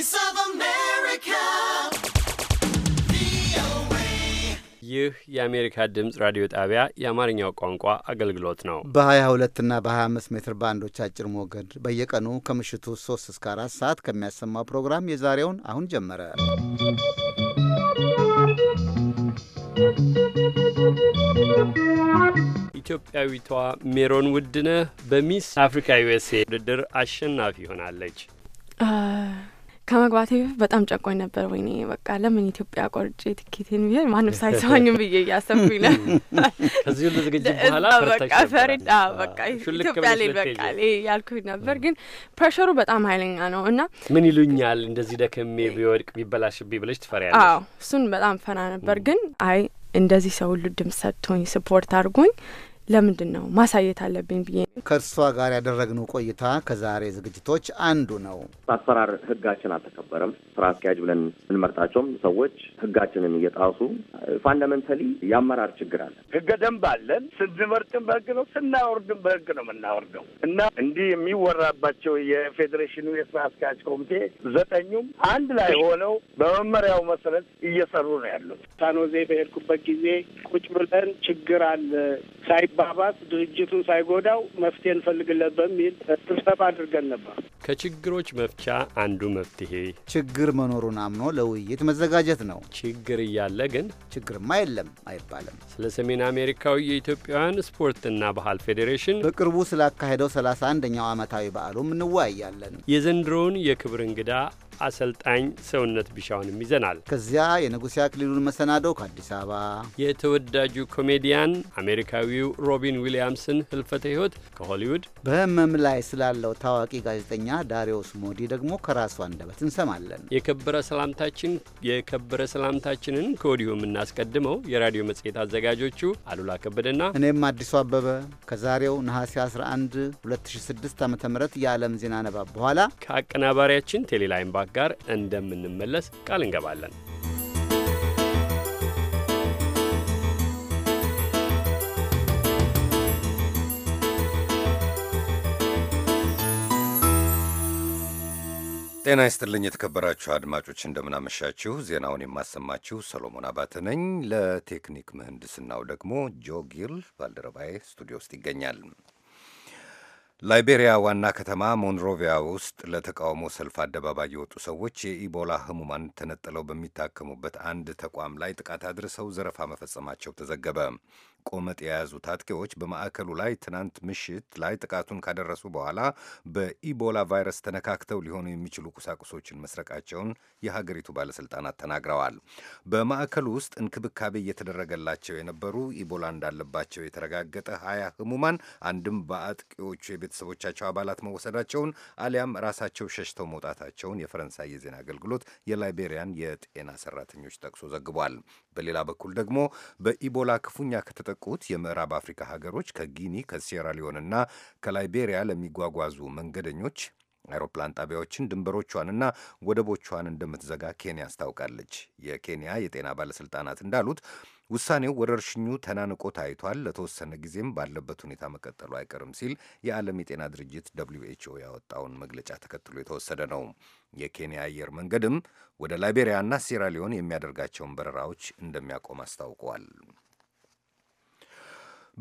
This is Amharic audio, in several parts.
Voice of America. ይህ የአሜሪካ ድምፅ ራዲዮ ጣቢያ የአማርኛው ቋንቋ አገልግሎት ነው። በ22 እና በ25 ሜትር ባንዶች አጭር ሞገድ በየቀኑ ከምሽቱ 3 እስከ 4 ሰዓት ከሚያሰማው ፕሮግራም የዛሬውን አሁን ጀመረ። ኢትዮጵያዊቷ ሜሮን ውድነህ በሚስ አፍሪካ ዩኤስኤ ውድድር አሸናፊ ሆናለች። ከመግባቴ በፊት በጣም ጨቆኝ ነበር። ወይኔ በቃ ለምን ኢትዮጵያ ቆርጬ ትኬቴን ብ ማንም ሳይሰማኝም ብዬ እያሰብኩኝ ነበር። ከዚህ ሁሉ ዝግጅት በኋላ በቃ ፈሪዳ በቃ ኢትዮጵያ ላይ በቃ ያልኩኝ ነበር። ግን ፕሬሸሩ በጣም ኃይለኛ ነው እና ምን ይሉኛል እንደዚህ ደክሜ ቢወድቅ ቢበላሽብኝ ብለሽ ትፈሪያለሽ? አዎ እሱን በጣም ፈና ነበር። ግን አይ እንደዚህ ሰው ሁሉ ድምፅ ሰጥቶኝ ስፖርት አድርጎኝ ለምንድን ነው ማሳየት አለብኝ ብዬ ከእርሷ ጋር ያደረግነው ቆይታ ከዛሬ ዝግጅቶች አንዱ ነው። በአሰራር ህጋችን አልተከበረም። ስራ አስኪያጅ ብለን ብንመርጣቸውም ሰዎች ህጋችንን እየጣሱ ፋንዳመንታሊ የአመራር ችግር አለ። ህገ ደንብ አለን። ስንመርጥም በህግ ነው፣ ስናወርድም በህግ ነው የምናወርደው እና እንዲህ የሚወራባቸው የፌዴሬሽኑ የስራ አስኪያጅ ኮሚቴ ዘጠኙም አንድ ላይ ሆነው በመመሪያው መሰረት እየሰሩ ነው ያሉት። ሳኖዜ በሄድኩበት ጊዜ ቁጭ ብለን ችግር አለ ሳይ መባባት ድርጅቱን ሳይጎዳው መፍትሄ እንፈልግለት በሚል ስብሰባ አድርገን ነበር። ከችግሮች መፍቻ አንዱ መፍትሄ ችግር መኖሩን አምኖ ለውይይት መዘጋጀት ነው። ችግር እያለ ግን ችግርማ የለም አይባልም። ስለ ሰሜን አሜሪካዊ የኢትዮጵያውያን ስፖርትና ባህል ፌዴሬሽን በቅርቡ ስላካሄደው ሰላሳ ኛው ዓመታዊ በዓሉም እንወያያለን። የዘንድሮውን የክብር እንግዳ አሰልጣኝ ሰውነት ቢሻውንም ይዘናል። ከዚያ የንጉሴ አክሊሉን መሰናዶ ከአዲስ አበባ የተወዳጁ ኮሜዲያን አሜሪካዊው ሮቢን ዊሊያምስን ህልፈተ ህይወት ከሆሊውድ በህመም ላይ ስላለው ታዋቂ ጋዜጠኛ ዳሪዮስ ሞዲ ደግሞ ከራሱ አንደበት እንሰማለን። የከበረ ሰላምታችን የከበረ ሰላምታችንን ከወዲሁ የምናስቀድመው የራዲዮ መጽሔት አዘጋጆቹ አሉላ ከበደና እኔም አዲሱ አበበ ከዛሬው ነሐሴ 11 2006 ዓ ም የዓለም ዜና ነባብ በኋላ ከአቀናባሪያችን ቴሌላይምባ አስተያየት ጋር እንደምንመለስ ቃል እንገባለን። ጤና ይስጥልኝ የተከበራችሁ አድማጮች፣ እንደምናመሻችሁ። ዜናውን የማሰማችሁ ሰሎሞን አባተ ነኝ። ለቴክኒክ ምህንድስናው ደግሞ ጆ ጊል ባልደረባዬ ስቱዲዮ ውስጥ ይገኛል። ላይቤሪያ ዋና ከተማ ሞንሮቪያ ውስጥ ለተቃውሞ ሰልፍ አደባባይ የወጡ ሰዎች የኢቦላ ህሙማን ተነጥለው በሚታከሙበት አንድ ተቋም ላይ ጥቃት አድርሰው ዘረፋ መፈጸማቸው ተዘገበ። ቆመጥ የያዙ ታጥቂዎች በማዕከሉ ላይ ትናንት ምሽት ላይ ጥቃቱን ካደረሱ በኋላ በኢቦላ ቫይረስ ተነካክተው ሊሆኑ የሚችሉ ቁሳቁሶችን መስረቃቸውን የሀገሪቱ ባለስልጣናት ተናግረዋል። በማዕከሉ ውስጥ እንክብካቤ እየተደረገላቸው የነበሩ ኢቦላ እንዳለባቸው የተረጋገጠ ሀያ ህሙማን አንድም በአጥቂዎቹ የቤተሰቦቻቸው አባላት መወሰዳቸውን አሊያም ራሳቸው ሸሽተው መውጣታቸውን የፈረንሳይ የዜና አገልግሎት የላይቤሪያን የጤና ሰራተኞች ጠቅሶ ዘግቧል። በሌላ በኩል ደግሞ በኢቦላ ክፉኛ ከተጠቁት የምዕራብ አፍሪካ ሀገሮች ከጊኒ ከሴራሊዮንና ከላይቤሪያ ለሚጓጓዙ መንገደኞች አይሮፕላን ጣቢያዎችን ድንበሮቿንና ወደቦቿን እንደምትዘጋ ኬንያ አስታውቃለች። የኬንያ የጤና ባለሥልጣናት እንዳሉት ውሳኔው ወረርሽኙ ተናንቆ ታይቷል፣ ለተወሰነ ጊዜም ባለበት ሁኔታ መቀጠሉ አይቀርም ሲል የዓለም የጤና ድርጅት ደብሊው ኤችኦ ያወጣውን መግለጫ ተከትሎ የተወሰደ ነው። የኬንያ አየር መንገድም ወደ ላይቤሪያና ሲራሊዮን የሚያደርጋቸውን በረራዎች እንደሚያቆም አስታውቀዋል።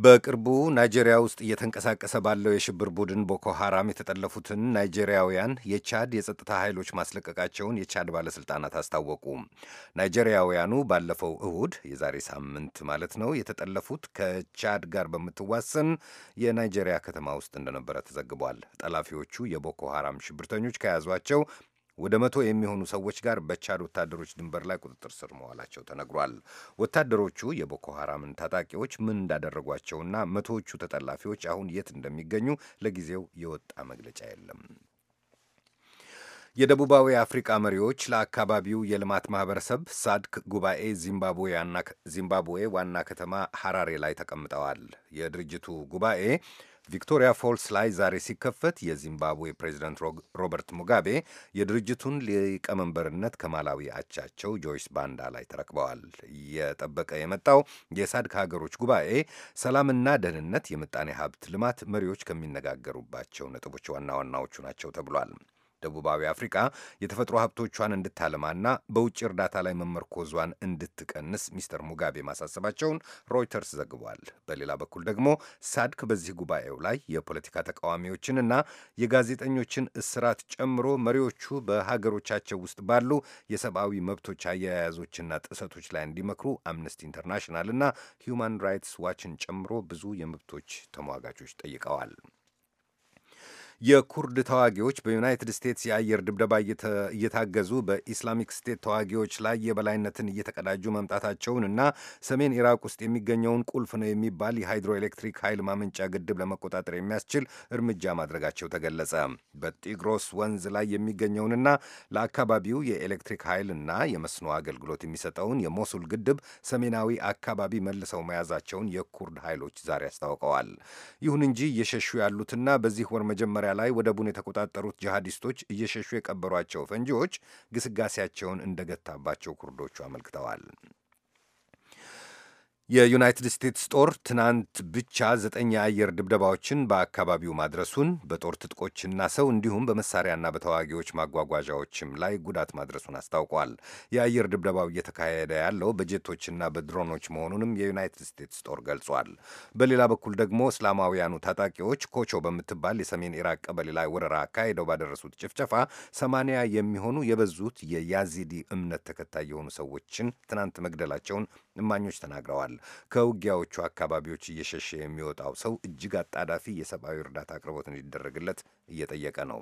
በቅርቡ ናይጄሪያ ውስጥ እየተንቀሳቀሰ ባለው የሽብር ቡድን ቦኮ ሐራም የተጠለፉትን ናይጄሪያውያን የቻድ የጸጥታ ኃይሎች ማስለቀቃቸውን የቻድ ባለሥልጣናት አስታወቁ። ናይጄሪያውያኑ ባለፈው እሁድ የዛሬ ሳምንት ማለት ነው የተጠለፉት ከቻድ ጋር በምትዋሰን የናይጄሪያ ከተማ ውስጥ እንደነበረ ተዘግቧል። ጠላፊዎቹ የቦኮ ሐራም ሽብርተኞች ከያዟቸው ወደ መቶ የሚሆኑ ሰዎች ጋር በቻድ ወታደሮች ድንበር ላይ ቁጥጥር ስር መዋላቸው ተነግሯል። ወታደሮቹ የቦኮ ሐራምን ታጣቂዎች ምን እንዳደረጓቸውና መቶዎቹ ተጠላፊዎች አሁን የት እንደሚገኙ ለጊዜው የወጣ መግለጫ የለም። የደቡባዊ አፍሪቃ መሪዎች ለአካባቢው የልማት ማህበረሰብ ሳድክ ጉባኤ ዚምባብዌ ዋና ከተማ ሐራሬ ላይ ተቀምጠዋል። የድርጅቱ ጉባኤ ቪክቶሪያ ፎልስ ላይ ዛሬ ሲከፈት የዚምባብዌ ፕሬዚደንት ሮበርት ሙጋቤ የድርጅቱን ሊቀመንበርነት ከማላዊ አቻቸው ጆይስ ባንዳ ላይ ተረክበዋል። እየጠበቀ የመጣው የሳድክ ሀገሮች ጉባኤ ሰላምና ደህንነት፣ የምጣኔ ሀብት ልማት መሪዎች ከሚነጋገሩባቸው ነጥቦች ዋና ዋናዎቹ ናቸው ተብሏል። ደቡባዊ አፍሪቃ የተፈጥሮ ሀብቶቿን እንድታለማና በውጭ እርዳታ ላይ መመርኮዟን እንድትቀንስ ሚስተር ሙጋቤ ማሳሰባቸውን ሮይተርስ ዘግቧል። በሌላ በኩል ደግሞ ሳድክ በዚህ ጉባኤው ላይ የፖለቲካ ተቃዋሚዎችንና የጋዜጠኞችን እስራት ጨምሮ መሪዎቹ በሀገሮቻቸው ውስጥ ባሉ የሰብአዊ መብቶች አያያዞችና ጥሰቶች ላይ እንዲመክሩ አምነስቲ ኢንተርናሽናልና ሂውማን ራይትስ ዋችን ጨምሮ ብዙ የመብቶች ተሟጋቾች ጠይቀዋል። የኩርድ ተዋጊዎች በዩናይትድ ስቴትስ የአየር ድብደባ እየታገዙ በኢስላሚክ ስቴት ተዋጊዎች ላይ የበላይነትን እየተቀዳጁ መምጣታቸውን እና ሰሜን ኢራቅ ውስጥ የሚገኘውን ቁልፍ ነው የሚባል የሃይድሮኤሌክትሪክ ኃይል ማመንጫ ግድብ ለመቆጣጠር የሚያስችል እርምጃ ማድረጋቸው ተገለጸ። በጢግሮስ ወንዝ ላይ የሚገኘውንና ለአካባቢው የኤሌክትሪክ ኃይል እና የመስኖ አገልግሎት የሚሰጠውን የሞሱል ግድብ ሰሜናዊ አካባቢ መልሰው መያዛቸውን የኩርድ ኃይሎች ዛሬ አስታውቀዋል። ይሁን እንጂ እየሸሹ ያሉትና በዚህ ወር መጀመሪያ መጀመሪያ ላይ ወደቡን የተቆጣጠሩት ጂሃዲስቶች እየሸሹ የቀበሯቸው ፈንጂዎች ግስጋሴያቸውን እንደገታባቸው ኩርዶቹ አመልክተዋል። የዩናይትድ ስቴትስ ጦር ትናንት ብቻ ዘጠኝ የአየር ድብደባዎችን በአካባቢው ማድረሱን በጦር ትጥቆችና ሰው እንዲሁም በመሳሪያና በተዋጊዎች ማጓጓዣዎችም ላይ ጉዳት ማድረሱን አስታውቋል። የአየር ድብደባው እየተካሄደ ያለው በጀቶችና በድሮኖች መሆኑንም የዩናይትድ ስቴትስ ጦር ገልጿል። በሌላ በኩል ደግሞ እስላማውያኑ ታጣቂዎች ኮቾ በምትባል የሰሜን ኢራቅ ቀበሌ ላይ ወረራ አካሄደው ባደረሱት ጭፍጨፋ ሰማንያ የሚሆኑ የበዙት የያዚዲ እምነት ተከታይ የሆኑ ሰዎችን ትናንት መግደላቸውን እማኞች ተናግረዋል። ከውጊያዎቹ አካባቢዎች እየሸሸ የሚወጣው ሰው እጅግ አጣዳፊ የሰብአዊ እርዳታ አቅርቦት እንዲደረግለት እየጠየቀ ነው።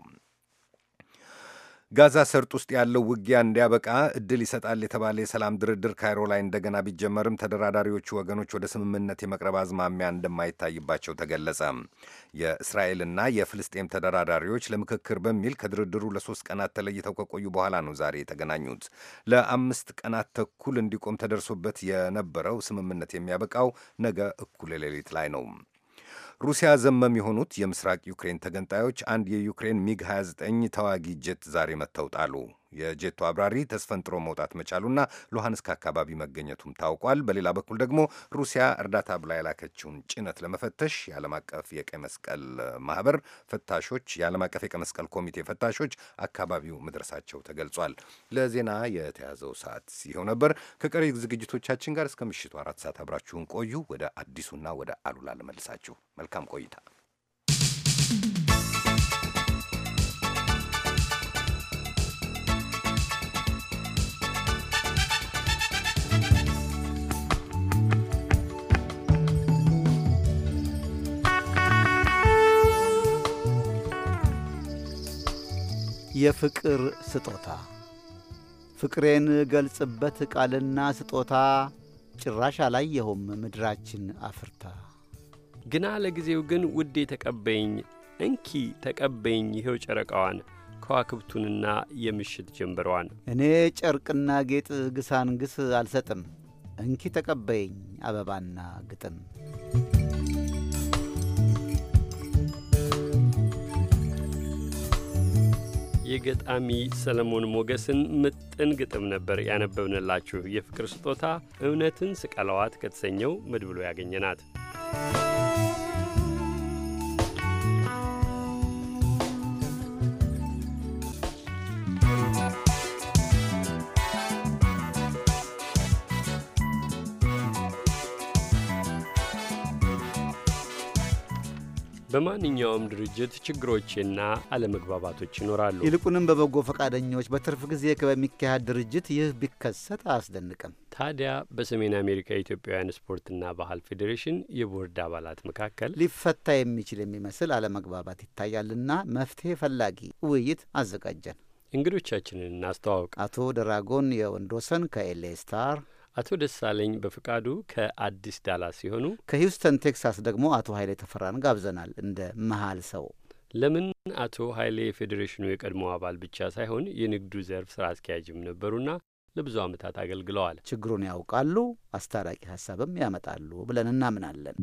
ጋዛ ሰርጥ ውስጥ ያለው ውጊያ እንዲያበቃ እድል ይሰጣል የተባለ የሰላም ድርድር ካይሮ ላይ እንደገና ቢጀመርም ተደራዳሪዎቹ ወገኖች ወደ ስምምነት የመቅረብ አዝማሚያ እንደማይታይባቸው ተገለጸ። የእስራኤልና የፍልስጤም ተደራዳሪዎች ለምክክር በሚል ከድርድሩ ለሶስት ቀናት ተለይተው ከቆዩ በኋላ ነው ዛሬ የተገናኙት። ለአምስት ቀናት ተኩል እንዲቆም ተደርሶበት የነበረው ስምምነት የሚያበቃው ነገ እኩለ ሌሊት ላይ ነው። ሩሲያ ዘመም የሆኑት የምስራቅ ዩክሬን ተገንጣዮች አንድ የዩክሬን ሚግ 29 ተዋጊ ጀት ዛሬ መተውጣሉ። የጄቱ አብራሪ ተስፈንጥሮ መውጣት መቻሉና ሉሃንስክ አካባቢ መገኘቱም ታውቋል። በሌላ በኩል ደግሞ ሩሲያ እርዳታ ብላ የላከችውን ጭነት ለመፈተሽ የዓለም አቀፍ የቀይ መስቀል ማህበር ፈታሾች የዓለም አቀፍ የቀይ መስቀል ኮሚቴ ፈታሾች አካባቢው መድረሳቸው ተገልጿል። ለዜና የተያዘው ሰዓት ይኸው ነበር። ከቀሪ ዝግጅቶቻችን ጋር እስከ ምሽቱ አራት ሰዓት አብራችሁን ቆዩ። ወደ አዲሱና ወደ አሉላ ለመልሳችሁ መልካም ቆይታ የፍቅር ስጦታ ፍቅሬን ገልጽበት ቃልና ስጦታ ጭራሽ አላየሁም ምድራችን አፍርታ። ግና ለጊዜው ግን ውዴ ተቀበይኝ፣ እንኪ ተቀበይኝ፣ ይኸው ጨረቃዋን ከዋክብቱንና የምሽት ጀንበሯን። እኔ ጨርቅና ጌጥ ግሳንግስ አልሰጥም፣ እንኪ ተቀበይኝ አበባና ግጥም። የገጣሚ ሰለሞን ሞገስን ምጥን ግጥም ነበር ያነበብንላችሁ። የፍቅር ስጦታ እውነትን ስቀለዋት ከተሰኘው መድብሎ ያገኘናት በማንኛውም ድርጅት ችግሮችና አለመግባባቶች ይኖራሉ። ይልቁንም በበጎ ፈቃደኞች በትርፍ ጊዜ በሚካሄድ ድርጅት ይህ ቢከሰት አያስደንቅም። ታዲያ በሰሜን አሜሪካ የኢትዮጵያውያን ስፖርትና ባህል ፌዴሬሽን የቦርድ አባላት መካከል ሊፈታ የሚችል የሚመስል አለመግባባት ይታያልና መፍትሄ ፈላጊ ውይይት አዘጋጀን። እንግዶቻችንን እናስተዋውቅ። አቶ ደራጎን የወንዶሰን ከኤልኤ ስታር አቶ ደሳለኝ በፍቃዱ ከአዲስ ዳላስ ሲሆኑ ከሂውስተን ቴክሳስ ደግሞ አቶ ኃይሌ ተፈራን ጋብዘናል እንደ መሀል ሰው። ለምን አቶ ኃይሌ የፌዴሬሽኑ የቀድሞ አባል ብቻ ሳይሆን የንግዱ ዘርፍ ስራ አስኪያጅም ነበሩና ለብዙ ዓመታት አገልግለዋል። ችግሩን ያውቃሉ፣ አስታራቂ ሀሳብም ያመጣሉ ብለን እናምናለን።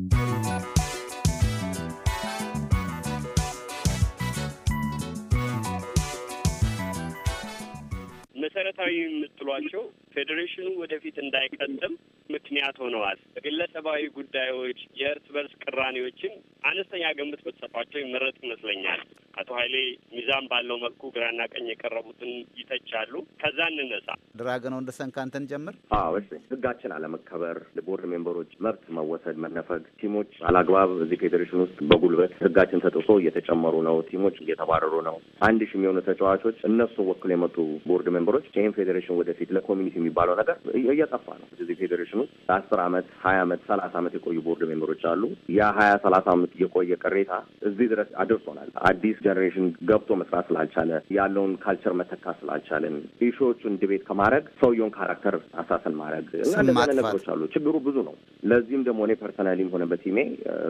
መሰረታዊ የምትሏቸው ፌዴሬሽኑ ወደፊት እንዳይቀጥም ምክንያት ሆነዋል። ግለሰባዊ ጉዳዮች፣ የእርስ በርስ ቅራኔዎችን አነስተኛ ግምት በተሰጧቸው ይመረጥ ይመስለኛል። አቶ ኃይሌ ሚዛን ባለው መልኩ ግራና ቀኝ የቀረቡትን ይተቻሉ። ከዛ እንነሳ። ድራገነው እንደሰን ጀምር። አዎ እሺ። ህጋችን አለመከበር፣ ቦርድ ሜምበሮች መብት መወሰድ፣ መነፈግ፣ ቲሞች አላግባብ እዚህ ፌዴሬሽን ውስጥ በጉልበት ህጋችን ተጥሶ እየተጨመሩ ነው፣ ቲሞች እየተባረሩ ነው። አንድ ሺህ የሚሆኑ ተጫዋቾች እነሱ ወክሎ የመጡ ቦርድ ሜምበሮች ነገሮች ይህም ፌዴሬሽን ወደፊት ለኮሚኒቲ የሚባለው ነገር እየጠፋ ነው። ስለዚህ ውስጥ አስር አመት ሀያ አመት ሰላሳ አመት የቆዩ ቦርድ ሜምበሮች አሉ። ያ ሀያ ሰላሳ አመት የቆየ ቅሬታ እዚህ ድረስ አድርሶናል። አዲስ ጀኔሬሽን ገብቶ መስራት ስላልቻለ ያለውን ካልቸር መተካት ስላልቻለን ኢሹዎቹን ዲቤት ከማድረግ ሰውየውን ካራክተር አሳሰን ማድረግ እና እንደዚህ ነገሮች አሉ። ችግሩ ብዙ ነው። ለዚህም ደግሞ እኔ ፐርሰናሊም ሆነ በቲሜ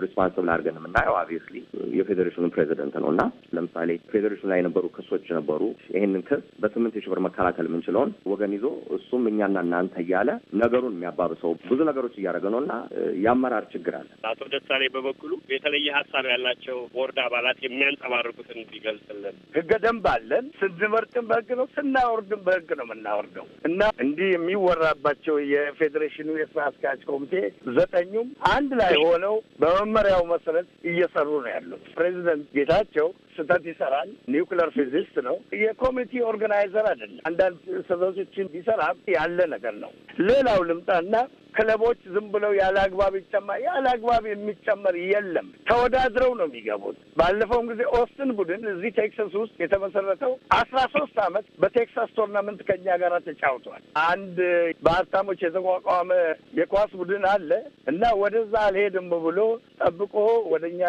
ሪስፖንስብል አድርገን የምናየው አብቪየስሊ የፌዴሬሽኑ ፕሬዚደንት ነው እና ለምሳሌ ፌዴሬሽኑ ላይ የነበሩ ክሶች ነበሩ። ይህንን ክስ በስምንት ሺህ ብር መከላከል መከታተል የምንችለውን ወገን ይዞ እሱም እኛና እናንተ እያለ ነገሩን የሚያባብሰው ብዙ ነገሮች እያደረገ ነው እና የአመራር ችግር አለ። አቶ ደሳሌ በበኩሉ የተለየ ሀሳብ ያላቸው ቦርድ አባላት የሚያንጸባርቁትን እንዲገልጽልን ህገ ደንብ አለን። ስንመርጥም በህግ ነው፣ ስናወርድም በህግ ነው የምናወርደው እና እንዲህ የሚወራባቸው የፌዴሬሽኑ የስራ አስኪያጅ ኮሚቴ ዘጠኙም አንድ ላይ ሆነው በመመሪያው መሰረት እየሰሩ ነው ያሉት። ፕሬዚደንት ጌታቸው ስህተት ይሰራል። ኒውክለር ፊዚስት ነው። የኮሚኒቲ ኦርጋናይዘር አይደለም። አንዳንድ ስህተቶችን ቢሰራ ያለ ነገር ነው። ሌላው ልምጣና ክለቦች ዝም ብለው ያለ አግባብ ይጨመር ያለ አግባብ የሚጨመር የለም። ተወዳድረው ነው የሚገቡት። ባለፈውም ጊዜ ኦስትን ቡድን እዚህ ቴክሳስ ውስጥ የተመሰረተው አስራ ሶስት አመት በቴክሳስ ቶርናመንት ከኛ ጋር ተጫውቷል። አንድ በሀብታሞች የተቋቋመ የኳስ ቡድን አለ እና ወደዛ አልሄድም ብሎ ጠብቆ ወደኛ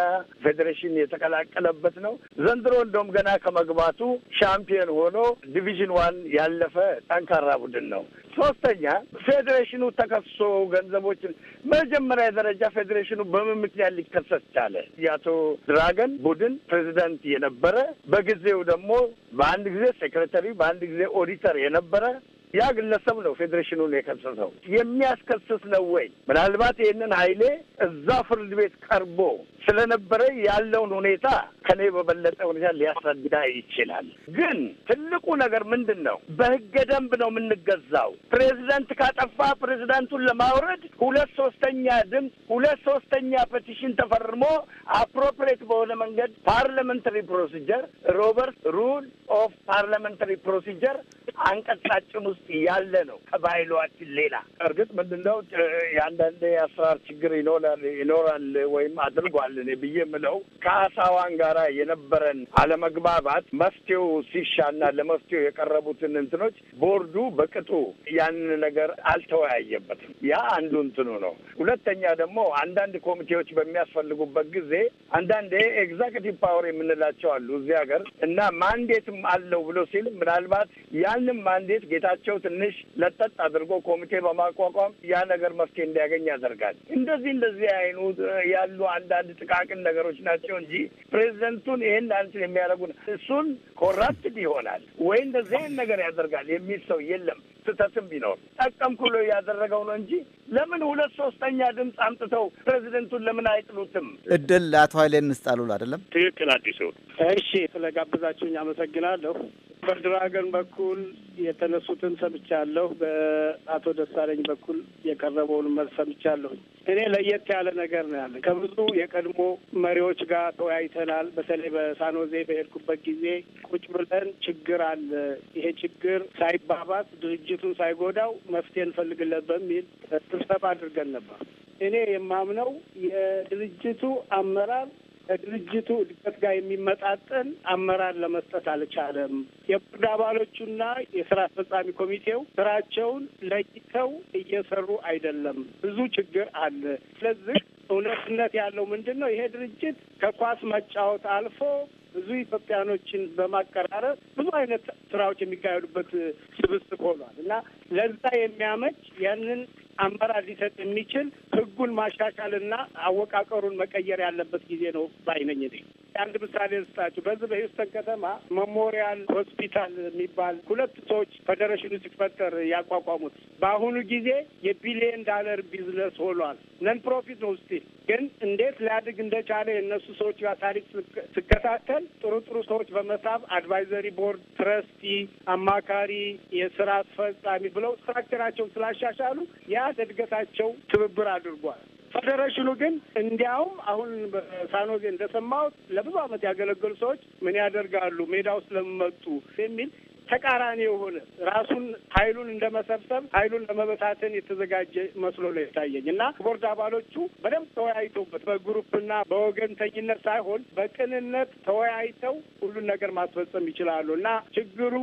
ፌዴሬሽን የተቀላቀለበት ነው። ዘንድሮ እንደውም ገና ከመግባቱ ሻምፒዮን ሆኖ ዲቪዥን ዋን ያለፈ ጠንካራ ቡድን ነው። ሶስተኛ ፌዴሬሽኑ ተከሶ ገንዘቦችን መጀመሪያ ደረጃ ፌዴሬሽኑ በምን ምክንያት ሊከሰስ ቻለ? የአቶ ድራገን ቡድን ፕሬዚደንት የነበረ በጊዜው ደግሞ በአንድ ጊዜ ሴክሬታሪ በአንድ ጊዜ ኦዲተር የነበረ ያ ግለሰብ ነው ፌዴሬሽኑን የከሰሰው። የሚያስከስስ ነው ወይ? ምናልባት ይህንን ኃይሌ እዛ ፍርድ ቤት ቀርቦ ስለነበረ ያለውን ሁኔታ ከኔ በበለጠ ሁኔታ ሊያስረዳ ይችላል። ግን ትልቁ ነገር ምንድን ነው? በህገ ደንብ ነው የምንገዛው። ፕሬዚደንት ካጠፋ ፕሬዚደንቱን ለማውረድ ሁለት ሶስተኛ ድምፅ፣ ሁለት ሶስተኛ ፔቲሽን ተፈርሞ አፕሮፕሬት በሆነ መንገድ ፓርሊመንታሪ ፕሮሲጀር ሮበርት ሩል ኦፍ ፓርሊመንታሪ ፕሮሲጀር አንቀጻጭኑ ውስጥ ያለ ነው ከባህሏችን ሌላ። እርግጥ ምንድን ነው የአንዳንድ የአሰራር ችግር ይኖራል ወይም አድርጓል እኔ ብዬ ምለው ከአሳዋን ጋራ የነበረን አለመግባባት መፍትሄው ሲሻና ለመፍትሄው የቀረቡትን እንትኖች ቦርዱ በቅጡ ያንን ነገር አልተወያየበትም። ያ አንዱ እንትኑ ነው። ሁለተኛ ደግሞ አንዳንድ ኮሚቴዎች በሚያስፈልጉበት ጊዜ አንዳንዴ ኤግዛኪቲቭ ፓወር የምንላቸው አሉ እዚህ ሀገር እና ማንዴትም አለው ብሎ ሲል ምናልባት ያንም ማንዴት ጌታቸው ጊዜያቸው ትንሽ ለጠጥ አድርጎ ኮሚቴ በማቋቋም ያ ነገር መፍትሄ እንዲያገኝ ያደርጋል። እንደዚህ እንደዚህ አይኑ ያሉ አንዳንድ ጥቃቅን ነገሮች ናቸው እንጂ ፕሬዚደንቱን ይህን አንስ የሚያደርጉ እሱን ኮራፕትድ ይሆናል ወይ እንደዚህ ነገር ያደርጋል የሚል ሰው የለም። ስህተትም ቢኖር ጠቀምኩሎ ብሎ ያደረገው ነው እንጂ ለምን ሁለት ሶስተኛ ድምፅ አምጥተው ፕሬዚደንቱን ለምን አይጥሉትም? እድል ለአቶ ኃይሌ እንስጣሉል አይደለም። ትክክል አዲሱ። እሺ ስለጋብዛችሁኝ አመሰግናለሁ። በድራገን በኩል የተነሱትን ሰምቻለሁ። በአቶ ደሳለኝ በኩል የቀረበውን መልስ ሰምቻለሁ። እኔ ለየት ያለ ነገር ነው ያለ ከብዙ የቀድሞ መሪዎች ጋር ተወያይተናል። በተለይ በሳኖዜ በሄድኩበት ጊዜ ቁጭ ብለን ችግር አለ፣ ይሄ ችግር ሳይባባስ ድርጅቱን ሳይጎዳው መፍትሄ እንፈልግለት በሚል ስብሰባ አድርገን ነበር። እኔ የማምነው የድርጅቱ አመራር ከድርጅቱ እድገት ጋር የሚመጣጠን አመራር ለመስጠት አልቻለም። የቦርድ አባሎቹና የስራ አስፈጻሚ ኮሚቴው ስራቸውን ለይተው እየሰሩ አይደለም። ብዙ ችግር አለ። ስለዚህ እውነትነት ያለው ምንድን ነው? ይሄ ድርጅት ከኳስ መጫወት አልፎ ብዙ ኢትዮጵያኖችን በማቀራረብ ብዙ አይነት ስራዎች የሚካሄዱበት ስብስብ ሆኗል እና ለዛ የሚያመች ያንን አመራር ሊሰጥ የሚችል ህጉን ማሻሻልና አወቃቀሩን መቀየር ያለበት ጊዜ ነው ባይነኝ ነኝ። አንድ ምሳሌ ልስጣችሁ። በዚህ በሂውስተን ከተማ ሜሞሪያል ሆስፒታል የሚባል ሁለት ሰዎች ፌዴሬሽኑ ሲፈጠር ያቋቋሙት በአሁኑ ጊዜ የቢሊየን ዳለር ቢዝነስ ሆኗል። ነን ፕሮፊት ነው ስቲል ግን እንዴት ሊያድግ እንደቻለ የእነሱ ሰዎች ታሪክ ስከታተል ጥሩ ጥሩ ሰዎች በመሳብ አድቫይዘሪ ቦርድ፣ ትረስቲ፣ አማካሪ፣ የስራ አስፈጻሚ ብለው ስትራክቸራቸውን ስላሻሻሉ ያ ለጥራት እድገታቸው ትብብር አድርጓል። ፌዴሬሽኑ ግን እንዲያውም አሁን በሳኖዜ እንደሰማሁት ለብዙ ዓመት ያገለገሉ ሰዎች ምን ያደርጋሉ ሜዳ ውስጥ ለመጡ የሚል ተቃራኒ የሆነ ራሱን ኃይሉን እንደ መሰብሰብ ኃይሉን ለመበታተን የተዘጋጀ መስሎ ነው የታየኝ እና ቦርድ አባሎቹ በደንብ ተወያይተውበት በግሩፕና በወገንተኝነት ሳይሆን በቅንነት ተወያይተው ሁሉን ነገር ማስፈጸም ይችላሉ እና ችግሩ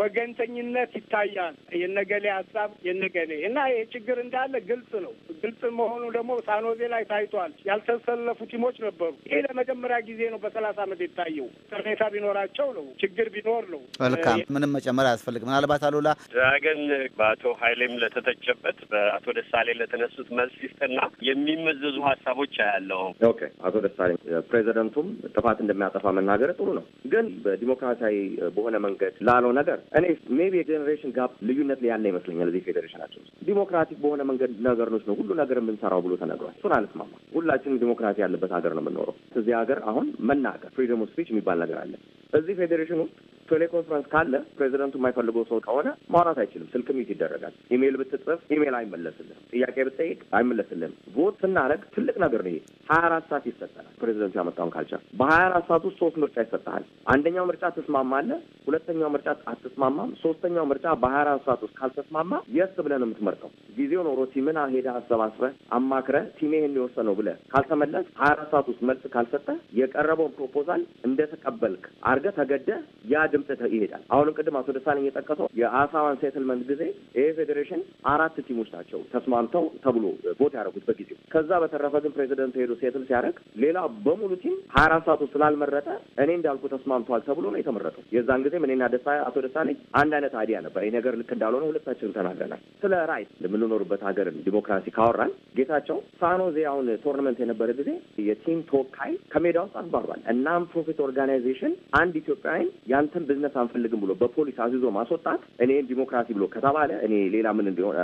ወገንተኝነት ይታያል። የነገሌ ሀሳብ የነገሌ እና ይሄ ችግር እንዳለ ግልጽ ነው። ግልጽ መሆኑ ደግሞ ሳኖዜ ላይ ታይቷል። ያልተሰለፉ ቲሞች ነበሩ። ይሄ ለመጀመሪያ ጊዜ ነው በሰላሳ ዓመት የታየው። ቅሬታ ቢኖራቸው ነው ችግር ቢኖር ነው። መልካም ምንም መጨመር አያስፈልግም። ምናልባት አሉላ ድራገን በአቶ ኃይሌም ለተተቸበት በአቶ ደሳሌ ለተነሱት መልስ ሲስጥና የሚመዘዙ ሀሳቦች አያለው። ኦኬ አቶ ደሳሌ ፕሬዚደንቱም ጥፋት እንደሚያጠፋ መናገር ጥሩ ነው፣ ግን በዲሞክራሲያዊ በሆነ መንገድ ላለው ነገር እኔ ሜቢ የጀኔሬሽን ጋፕ ልዩነት ያለ ይመስለኛል። እዚህ ፌዴሬሽናችን ውስጥ ዲሞክራቲክ በሆነ መንገድ ነገርኖች ነው ሁሉ ነገር የምንሰራው ብሎ ተነግሯል። እሱን አልስማማ። ሁላችንም ዲሞክራሲ ያለበት ሀገር ነው የምንኖረው። እዚህ ሀገር አሁን መናገር ፍሪደም ኦፍ ስፒች የሚባል ነገር አለ። እዚህ ፌዴሬሽን ውስጥ ቴሌኮንፈረንስ ካለ ፕሬዚደንቱ የማይፈልገው ሰው ከሆነ ማውራት አይችልም። ስልክ ሚት ይደረጋል። ኢሜይል ብትጽፍ ኢሜይል አይመለስልም። ጥያቄ ብትጠይቅ አይመለስልም። ቮት ስናደርግ ትልቅ ነገር ነው ይሄ። ሀያ አራት ሰዓት ይሰጠናል። ፕሬዚደንቱ ያመጣውን ካልቻ በሀያ አራት ሰዓት ውስጥ ሶስት ምርጫ ይሰጠሃል። አንደኛው ምርጫ ትስማማለህ፣ ሁለተኛው ምርጫ አትስማማም፣ ሶስተኛው ምርጫ በሀያ አራት ሰዓት ውስጥ ካልተስማማ የስ ብለህ ነው የምትመርጠው። ጊዜው ኖሮ ቲምን አሄደ አሰባስበህ አማክረህ ቲም ይህን የወሰነው ብለህ ካልተመለስ ሀያ አራት ሰዓት ውስጥ መልስ ካልሰጠህ የቀረበውን ፕሮፖዛል እንደተቀበልክ አድርገህ ተገደህ ያ ድምጽ ይሄዳል። አሁንም ቅድም አቶ ደሳለኝ የጠቀሰው የአሳዋን ሴትልመንት ጊዜ ይሄ ፌዴሬሽን አራት ቲሞች ናቸው ተስማምተው ተብሎ ቦት ያደረጉት በጊዜው። ከዛ በተረፈ ግን ፕሬዚደንት ሄዶ ሴትል ሲያደርግ ሌላ በሙሉ ቲም ሀያ አራት ሰዓቱ ስላልመረጠ እኔ እንዳልኩ ተስማምተዋል ተብሎ ነው የተመረጠው። የዛን ጊዜ እኔና ደሳ አቶ ደሳለኝ አንድ አይነት አይዲያ ነበር። ይህ ነገር ልክ እንዳልሆነ ሁለታችንም ተናግረናል። ስለ ራይት የምንኖርበት ሀገርን ዲሞክራሲ ካወራን ጌታቸው ሳኖዜ አሁን ቶርናመንት የነበረ ጊዜ የቲም ተወካይ ከሜዳ ውስጥ አባሯል። እናም ፕሮፊት ኦርጋናይዜሽን አንድ ኢትዮጵያውያን ያንተን ይህን ብዝነስ አንፈልግም ብሎ በፖሊስ አዝዞ ማስወጣት እኔን ዲሞክራሲ ብሎ ከተባለ እኔ ሌላ ምን እንዲሆን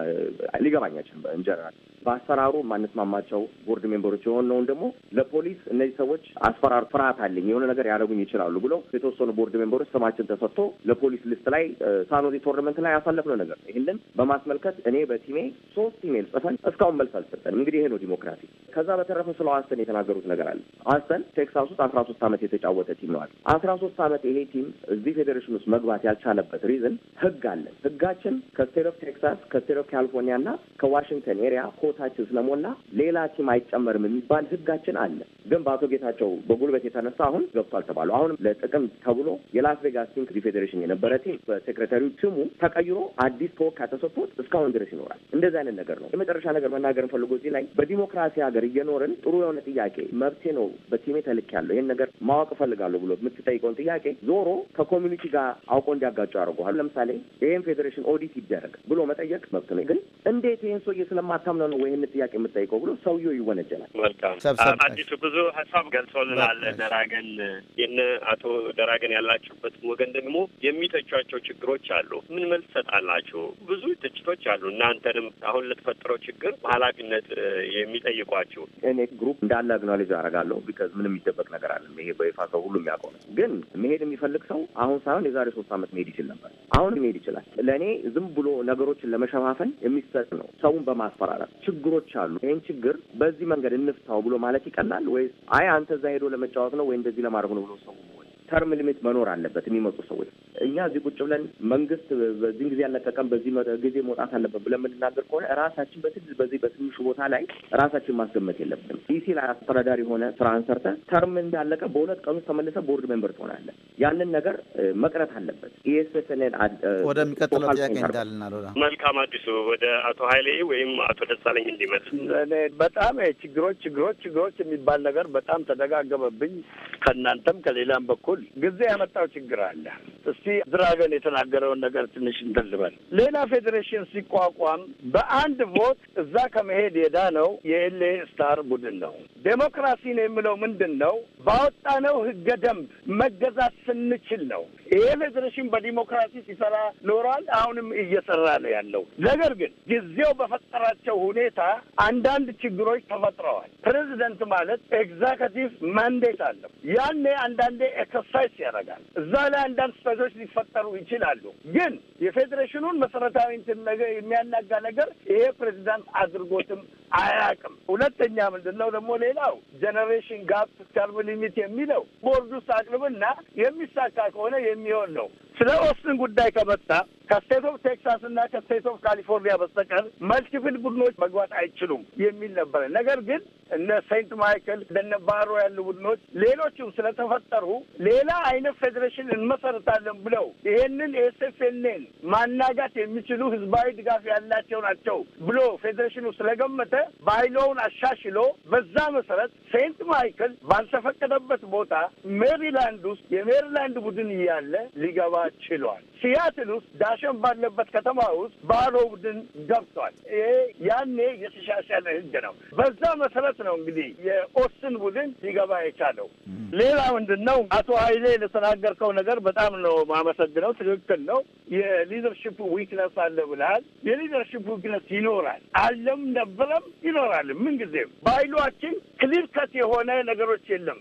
ሊገባኝ አይችልም። እንጀራል በአሰራሩ ማንስማማቸው ቦርድ ሜምበሮች የሆነውን ደግሞ ለፖሊስ እነዚህ ሰዎች አስፈራር ፍርሃት አለኝ የሆነ ነገር ያደረጉኝ ይችላሉ ብሎ የተወሰኑ ቦርድ ሜምበሮች ስማችን ተሰጥቶ ለፖሊስ ልስት ላይ ሳኖዚ ቶርናመንት ላይ ያሳለፍነው ነገር ይህንን በማስመልከት እኔ በቲሜ ሶስት ኢሜል ጽፈን እስካሁን መልስ አልሰጠንም። እንግዲህ ይሄ ነው ዲሞክራሲ። ከዛ በተረፈ ስለ አስተን የተናገሩት ነገር አለ። አስተን ቴክሳስ ውስጥ አስራ ሶስት አመት የተጫወተ ቲም ነዋል። አስራ ሶስት አመት ይሄ ቲም እዚ ዲግሪ ፌዴሬሽን ውስጥ መግባት ያልቻለበት ሪዝን ህግ አለ ህጋችን ከስቴት ኦፍ ቴክሳስ ከስቴት ኦፍ ካሊፎርኒያ እና ከዋሽንግተን ኤሪያ ኮታችን ስለሞላ ሌላ ቲም አይጨመርም የሚባል ህጋችን አለ። ግን በአቶ ጌታቸው በጉልበት የተነሳ አሁን ገብቷል ተባሉ። አሁንም ለጥቅም ተብሎ የላስ ቬጋስ ቲም ሪፌዴሬሽን የነበረ ቲም በሴክሬታሪው ስሙ ተቀይሮ አዲስ ተወካይ ተሰጥቶት እስካሁን ድረስ ይኖራል። እንደዚህ አይነት ነገር ነው። የመጨረሻ ነገር መናገር ፈልጎ እዚህ ላይ በዲሞክራሲ ሀገር እየኖርን ጥሩ የሆነ ጥያቄ መብቴ ነው በቲሜ ያለው ይህን ነገር ማወቅ እፈልጋለሁ ብሎ የምትጠይቀውን ጥያቄ ዞሮ ከኮ ከኮሚኒቲ ጋር አውቆ እንዲያጋጩ አድርጓል። ለምሳሌ ይህን ፌዴሬሽን ኦዲት ይደረግ ብሎ መጠየቅ መብት ነው። ግን እንዴት ይህን ሰውዬ ስለማታምነ ነው ይህን ጥያቄ የምጠይቀው ብሎ ሰውዬው ይወነጀላል። መልካም አዲሱ ብዙ ሀሳብ ገልጾልናል ደራገን። የነ አቶ ደራገን ያላችሁበት ወገን ደግሞ የሚተቿቸው ችግሮች አሉ። ምን መልስ ትሰጣላችሁ? ብዙ ትችቶች አሉ። እናንተንም አሁን ለተፈጠረው ችግር በኃላፊነት የሚጠይቋችሁ እኔ ግሩፕ እንዳለ አግኖሌጅ አደርጋለሁ። ቢካዝ ምንም የሚደበቅ ነገር አለ። ይሄ በይፋ ሰው ሁሉ የሚያውቀው ነው። ግን መሄድ የሚፈልግ ሰው አሁን አሁን ሳይሆን የዛሬ ሶስት ዓመት መሄድ ይችል ነበር። አሁን መሄድ ይችላል። ለእኔ ዝም ብሎ ነገሮችን ለመሸፋፈን የሚሰጥ ነው፣ ሰውን በማስፈራራት ችግሮች አሉ። ይህን ችግር በዚህ መንገድ እንፍታው ብሎ ማለት ይቀላል ወይስ አይ አንተ እዛ ሄዶ ለመጫወት ነው ወይ እንደዚህ ለማድረግ ነው ብሎ ሰው ተርም ሊሚት መኖር አለበት። የሚመጡ ሰዎች እኛ እዚህ ቁጭ ብለን መንግስት በዚህን ጊዜ ያለቀቀም በዚህ ጊዜ መውጣት አለበት ብለን የምንናገር ከሆነ ራሳችን በትል በዚህ በትንሹ ቦታ ላይ ራሳችን ማስገመት የለብንም። ኢሲ ላይ አስተዳዳሪ የሆነ ስራ አንሰርተ ተርም እንዳለቀ በሁለት ቀኑ ተመልሰ ቦርድ ሜምበር ትሆናለ። ያንን ነገር መቅረት አለበት። ኢኤስፍንን ወደሚቀጥለው ጥያቄ እንዳልና መልካም አዲሱ ወደ አቶ ሀይሌ ወይም አቶ ደሳለኝ እንዲመልስ በጣም ችግሮች ችግሮች ችግሮች የሚባል ነገር በጣም ተደጋገመብኝ ከእናንተም ከሌላም በኩል ጊዜ ያመጣው ችግር አለ። እስቲ ድራገን የተናገረውን ነገር ትንሽ እንትን ልበል። ሌላ ፌዴሬሽን ሲቋቋም በአንድ ቮት እዛ ከመሄድ የዳነው የኤሌ ስታር ቡድን ነው። ዴሞክራሲ ነው የምለው ምንድን ነው? ባወጣነው ህገ ደንብ መገዛት ስንችል ነው። ይሄ ፌዴሬሽን በዲሞክራሲ ሲሰራ ኖሯል። አሁንም እየሰራ ነው ያለው። ነገር ግን ጊዜው በፈጠራቸው ሁኔታ አንዳንድ ችግሮች ተፈጥረዋል። ፕሬዚደንት ማለት ኤግዛኪቲቭ ማንዴት አለው። ያኔ አንዳንዴ ተከፋይ ያደርጋል። እዛ ላይ አንዳንድ ስህተቶች ሊፈጠሩ ይችላሉ። ግን የፌዴሬሽኑን መሰረታዊ እንትን ነገር የሚያናጋ ነገር ይሄ ፕሬዚዳንት አድርጎትም አያቅም። ሁለተኛ ምንድን ነው ደግሞ ሌላው ጀኔሬሽን ጋፕ ተርም ሊሚት የሚለው ቦርድ ውስጥ አቅርብና የሚሳካ ከሆነ የሚሆን ነው። ስለ ኦስትን ጉዳይ ከመጣ ከስቴት ኦፍ ቴክሳስ እና ከስቴት ኦፍ ካሊፎርኒያ በስተቀር መልቲፕል ቡድኖች መግባት አይችሉም የሚል ነበረ። ነገር ግን እነ ሴንት ማይክል እንደነ ባሮ ያሉ ቡድኖች ሌሎችም ስለተፈጠሩ ሌላ አይነት ፌዴሬሽን እንመሰርታለን ብለው ይሄንን ኤስፍንን ማናጋት የሚችሉ ህዝባዊ ድጋፍ ያላቸው ናቸው ብሎ ፌዴሬሽኑ ስለገመተ ባይሎውን አሻሽሎ በዛ መሰረት ሴንት ማይክል ባልተፈቀደበት ቦታ ሜሪላንድ ውስጥ የሜሪላንድ ቡድን እያለ ሊገባ ችሏል። ሲያትል ውስጥ ዳሸን ባለበት ከተማ ውስጥ ባሮ ቡድን ገብቷል። ይሄ ያኔ የተሻሻለ ህግ ነው። በዛ መሰረት ነው እንግዲህ የኦስትን ቡድን ሊገባ የቻለው። ሌላ ምንድን ነው አቶ ኃይሌ ለተናገርከው ነገር በጣም ነው ማመሰግነው። ትክክል ነው። የሊደርሽፕ ዊክነስ አለ ብልሃል። የሊደርሽፕ ዊክነስ ይኖራል፣ አለም ነበረም ይኖራል። ምንጊዜም በኃይሏችን ክሊር ከት የሆነ ነገሮች የለም።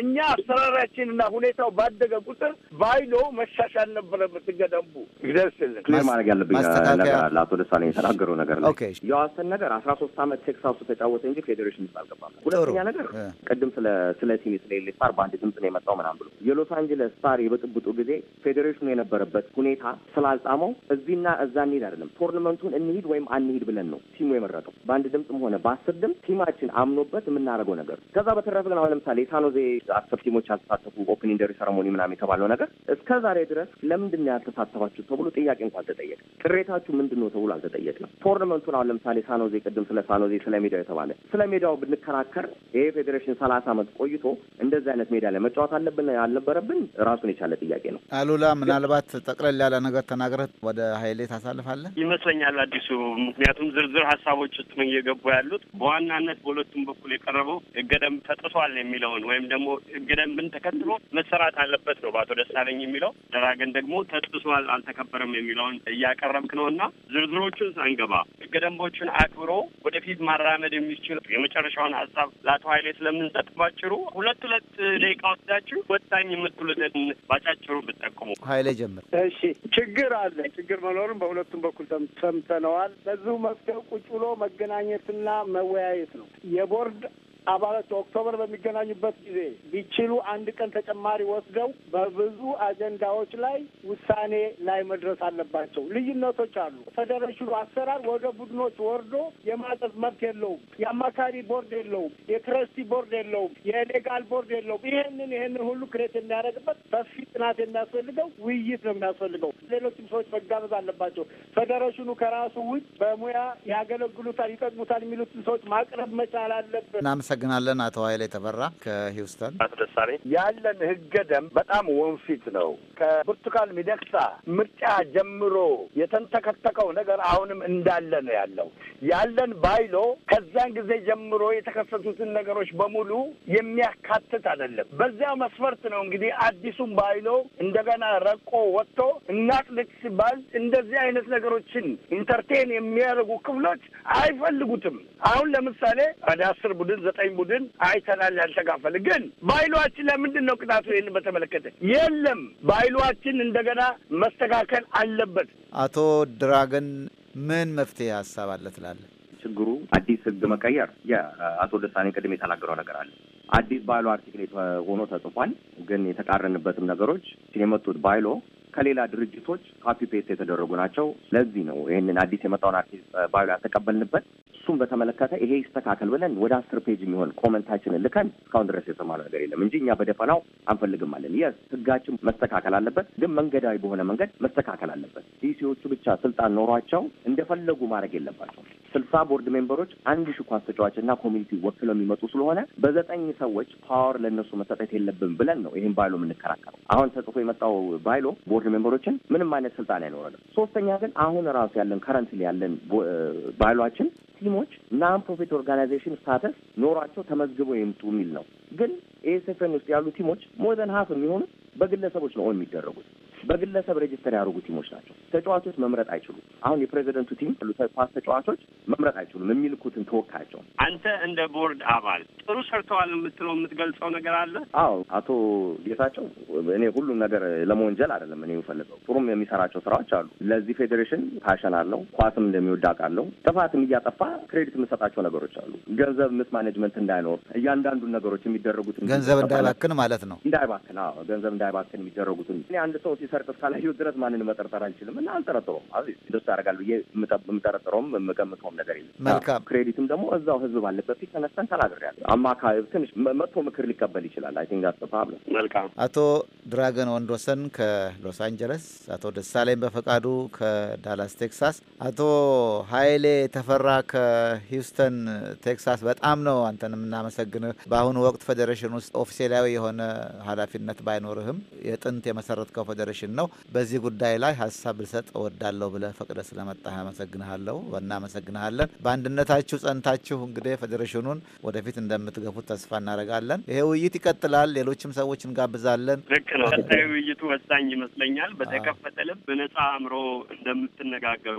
እኛ አሰራራችን እና ሁኔታው ባደገ ቁጥር ባይሎ መሻሻል ነበረበት። ገደንቡ እግዚአብሔር ክሊር ማድረግ ያለብኝ ነገር አለ። አቶ ደሳለኝ የተናገረው ነገር ላይ የዋሰን ነገር አስራ ሶስት ዓመት ቴክሳሱ ተጫወተ እንጂ ፌዴሬሽን ውስጥ አልገባም። ሁለተኛ ነገር ቅድም ስለ ስለ ሲኒ ስለ ኤሌፋር በአንድ ድምፅ ነው የመጣው ምናምን ብሎ የሎስ አንጀለስ ሳር የበጥብጡ ጊዜ ፌዴሬሽኑ የነበረበት ሁኔታ ስላልጻመው እዚህና እዛ እንሂድ አይደለም፣ ቶርናመንቱን እንሂድ ወይም አንሂድ ብለን ነው ቲሙ የመረጠው። በአንድ ድምፅም ሆነ በአስር ድምፅ ቲማችን አምኖበት የምናደርገው ነገር። ከዛ በተረፈ ግን አሁን ለምሳሌ የሳኖዜ አስር ቲሞች ያልተሳተፉ ኦፕን ኢንደሪ ሰረሞኒ ምናምን የተባለው ነገር እስከ ዛሬ ድረስ ለምንድን ነው ያልተሳተፋችሁ ተብሎ ጥያቄ እንኳ አልተጠየቅም። ቅሬታችሁ ምንድን ነው ተብሎ አልተጠየቅም። ቶርናመንቱን አሁን ለምሳሌ ሳኖዜ ቅድም ስለ ሳኖዜ ስለ ሜዳው የተባለ ስለ ሜዳው ብንከራከር ይሄ ፌዴሬሽን ሰላሳ ዓመት ቆይቶ እንደዚህ አይነት ሜዳ ላይ መጫወት አለብን ያለ አልነበረብን ራሱን የቻለ ጥያቄ ነው። አሉላ ምናልባት ጠቅለል ያለ ነገር ተናግረ ወደ ሀይሌ ታሳልፋለህ ይመስለኛል አዲሱ። ምክንያቱም ዝርዝር ሀሳቦች ውስጥ እየገቡ ያሉት። በዋናነት በሁለቱም በኩል የቀረበው ህገ ደንብ ተጥሷል የሚለውን ወይም ደግሞ ህገ ደንብን ተከትሎ መሰራት አለበት ነው በአቶ ደሳለኝ የሚለው። ደራገን ደግሞ ተጥሷል አልተከበረም የሚለውን እያቀረብክ ነው እና ዝርዝሮቹን ሳንገባ ህገ ደንቦቹን አክብሮ ወደፊት ማራመድ የሚችል የመጨረሻውን ሀሳብ ለአቶ ሀይሌ ስለምንሰጥ ባጭሩ ሁለት ሁለት ደቂቃ ወስዳችሁ ወጣ አለኝ የምትሉትን ባጫጭሩ ብጠቁሙ። ሀይሌ ጀምር። እሺ፣ ችግር አለ። ችግር መኖሩን በሁለቱም በኩል ሰምተነዋል። ለዚሁ መፍትሄው ቁጭ ብሎ መገናኘትና መወያየት ነው። የቦርድ አባላት ኦክቶበር በሚገናኙበት ጊዜ ቢችሉ አንድ ቀን ተጨማሪ ወስደው በብዙ አጀንዳዎች ላይ ውሳኔ ላይ መድረስ አለባቸው። ልዩነቶች አሉ። ፌዴሬሽኑ አሰራር ወደ ቡድኖች ወርዶ የማጠፍ መብት የለውም። የአማካሪ ቦርድ የለውም። የትረስቲ ቦርድ የለውም። የሌጋል ቦርድ የለውም። ይሄንን ይህንን ሁሉ ክሬት የሚያደርግበት ሰፊ ጥናት የሚያስፈልገው ውይይት ነው የሚያስፈልገው። ሌሎችም ሰዎች መጋበዝ አለባቸው። ፌዴሬሽኑ ከራሱ ውጭ በሙያ ያገለግሉታል፣ ይጠቅሙታል የሚሉትን ሰዎች ማቅረብ መቻል አለበት። እናመሰግናለን። አቶ ኃይለ የተፈራ ከሂውስተን። አቶ ደሳሌ ያለን ህገ ደም በጣም ወንፊት ነው። ከብርቱካን ሚደቅሳ ምርጫ ጀምሮ የተንተከተከው ነገር አሁንም እንዳለ ነው ያለው። ያለን ባይሎ ከዛን ጊዜ ጀምሮ የተከሰቱትን ነገሮች በሙሉ የሚያካትት አይደለም። በዚያ መስፈርት ነው እንግዲህ አዲሱን ባይሎ እንደገና ረቆ ወጥቶ እናጥልቅ ሲባል እንደዚህ አይነት ነገሮችን ኢንተርቴን የሚያደርጉ ክፍሎች አይፈልጉትም። አሁን ለምሳሌ ወደ አስር ቡድን ዘጠ ዘጠኝ ቡድን አይተናል ያልተጋፈል ግን በኃይሏችን ለምንድን ነው ቅጣቱ? ይህን በተመለከተ የለም በኃይሏችን እንደገና መስተካከል አለበት። አቶ ድራገን ምን መፍትሄ ሀሳብ አለ ትላለ ችግሩ አዲስ ህግ መቀየር የአቶ ደሳኔ ቅድም የተናገረው ነገር አለ አዲስ ባይሎ አርቲክል ሆኖ ተጽፏል። ግን የተቃረንበትም ነገሮች የመጡት ባይሎ ከሌላ ድርጅቶች ካፒ ፔስት የተደረጉ ናቸው። ለዚህ ነው ይህንን አዲስ የመጣውን አርቲስት uh, ባዮ ያልተቀበልንበት። እሱም በተመለከተ ይሄ ይስተካከል ብለን ወደ አስር ፔጅ የሚሆን ኮመንታችንን ልከን እስካሁን ድረስ የሰማነው ነገር የለም እንጂ እኛ በደፈናው አንፈልግም አለን። የስ ህጋችን መስተካከል አለበት፣ ግን መንገዳዊ በሆነ መንገድ መስተካከል አለበት። ዲሲዎቹ ብቻ ስልጣን ኖሯቸው እንደፈለጉ ማድረግ የለባቸው። ስልሳ ቦርድ ሜምበሮች አንድ ሺህ ኳስ ተጫዋችና ኮሚኒቲ ወክለው የሚመጡ ስለሆነ በዘጠኝ ሰዎች ፓወር ለእነሱ መሰጠት የለብን ብለን ነው ይህን ባይሎ የምንከራከረው። አሁን ተጽፎ የመጣው ባይሎ ቦርድ ሜምበሮችን ምንም አይነት ስልጣን አይኖረንም። ሶስተኛ ግን አሁን ራሱ ያለን ከረንት ያለን ባህሏችን ቲሞች ናን ፕሮፊት ኦርጋናይዜሽን ስታተስ ኖሯቸው ተመዝግበው የምጡ የሚል ነው። ግን ኤስፍን ውስጥ ያሉ ቲሞች ሞር ዘን ሀፍ የሚሆኑት በግለሰቦች ነው የሚደረጉት። በግለሰብ ሬጅስተር ያደርጉ ቲሞች ናቸው። ተጫዋቾች መምረጥ አይችሉም። አሁን የፕሬዚደንቱ ቲም ኳስ ተጫዋቾች መምረጥ አይችሉም። የሚልኩትን ተወካያቸው። አንተ እንደ ቦርድ አባል ጥሩ ሰርተዋል የምትለው የምትገልጸው ነገር አለ? አዎ አቶ ጌታቸው፣ እኔ ሁሉም ነገር ለመወንጀል አይደለም እኔ የምፈልገው። ጥሩም የሚሰራቸው ስራዎች አሉ። ለዚህ ፌዴሬሽን ፓሽን አለው። ኳስም እንደሚወድ አውቃለሁ። ጥፋትም እያጠፋ ክሬዲት የምሰጣቸው ነገሮች አሉ። ገንዘብ ምስ ማኔጅመንት እንዳይኖር እያንዳንዱን ነገሮች የሚደረጉትን ገንዘብ እንዳይባክን ማለት ነው። እንዳይባክን ገንዘብ እንዳይባክን የሚደረጉትን አንድ ሰው ሰርጥ እስካላየሁት ድረስ ማንን መጠርጠር አንችልም እና አልጠረጥሮም። እንደሱ ያደርጋል ብዬ የምጠረጥረውም የምገምተውም ነገር የለም። መልካም ክሬዲትም ደግሞ እዛው ህዝብ ባለበት ፊት ተነስተን ተናግሬያለሁ። አማካይ ትንሽ መጥፎ ምክር ሊቀበል ይችላል። አይ ቲንክ አስተፋብለ መልካም አቶ ድራገን ወንዶሰን ከሎስ አንጀለስ፣ አቶ ደሳለኝ በፈቃዱ ከዳላስ ቴክሳስ፣ አቶ ሀይሌ ተፈራ ከሂውስተን ቴክሳስ በጣም ነው አንተን የምናመሰግንህ። በአሁኑ ወቅት ፌዴሬሽን ውስጥ ኦፊሴላዊ የሆነ ኃላፊነት ባይኖርህም የጥንት የመሰረትከው ፌዴሬሽን ኮሚሽን ነው። በዚህ ጉዳይ ላይ ሀሳብ ልሰጥ እወዳለሁ ብለህ ፈቅደ ስለመጣህ አመሰግንሃለሁ። እናመሰግንሃለን። በአንድነታችሁ ጸንታችሁ እንግዲህ ፌዴሬሽኑን ወደፊት እንደምትገፉት ተስፋ እናደርጋለን። ይሄ ውይይት ይቀጥላል። ሌሎችም ሰዎች እንጋብዛለን። ልክ ነው። ቀጣዩ ውይይቱ ወሳኝ ይመስለኛል። በተከፈተ ልብ በነጻ አእምሮ እንደምትነጋገሩ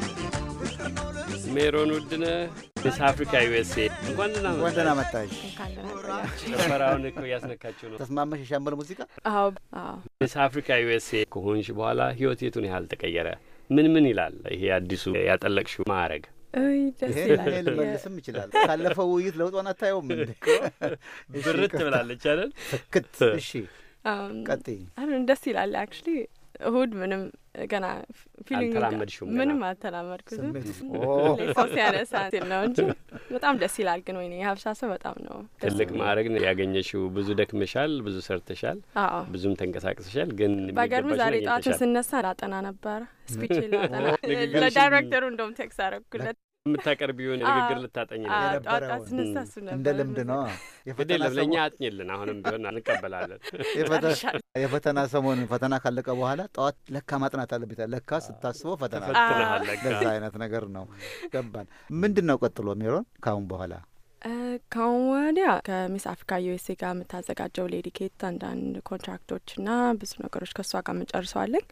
ሜሮን ውድነህ ምስ አፍሪካ ዩኤስኤ እንኳን ደህና እንኳን ደህና መጣሽ። ጭፈራውን እኮ እያስነካችሁ ነው። የሻምበል ሙዚቃ አዎ። አፍሪካ ዩኤስኤ ከሆንሽ በኋላ ህይወት የቱን ያህል ተቀየረ? ምን ምን ይላል ይሄ አዲሱ ያጠለቅሽው ማዕረግ? ይሄ ልመልስም ይችላል። ካለፈው ውይይት ለውጧን አታየውም እንዴ? ብርት ትብላለች አይደል? ክት እሺ ቀጥይ። ደስ ይላል አክቹዋሊ እሁድ ምንም ገና ፊሊንግ ምንም አልተላመድኩትም። ሰው ሲያነሳ ነው እንጂ በጣም ደስ ይላል። ግን ወይኔ የሀበሻ ሰው በጣም ነው ትልቅ ማዕረግ ነው ያገኘሽው። ብዙ ደክመሻል፣ ብዙ ሰርተሻል፣ ብዙም ተንቀሳቅሰሻል። ግን ባገርም ዛሬ ጠዋት ስነሳ ላጠና ነበር ስፒች ላጠና ለዳይሬክተሩ እንደውም ቴክስ አረግኩለት የምታቀርቢውን ንግግር ልታጠኝ ነው እንደ ልምድ ነው። የለም ለእኛ አጥኝልን፣ አሁንም ቢሆን እንቀበላለን። የፈተና ሰሞን ፈተና ካለቀ በኋላ ጠዋት ለካ ማጥናት አለብኝ፣ ለካ ስታስበው ፈተና ለዛ አይነት ነገር ነው። ገባን። ምንድን ነው ቀጥሎ ሜሮን ከአሁን በኋላ ከአሁን ወዲያ ከሚስ አፍሪካ ዩኤስኤ ጋር የምታዘጋጀው ሌዲኬት አንዳንድ ኮንትራክቶች ና ብዙ ነገሮች ከእሷ ጋር እንጨርሰዋለን።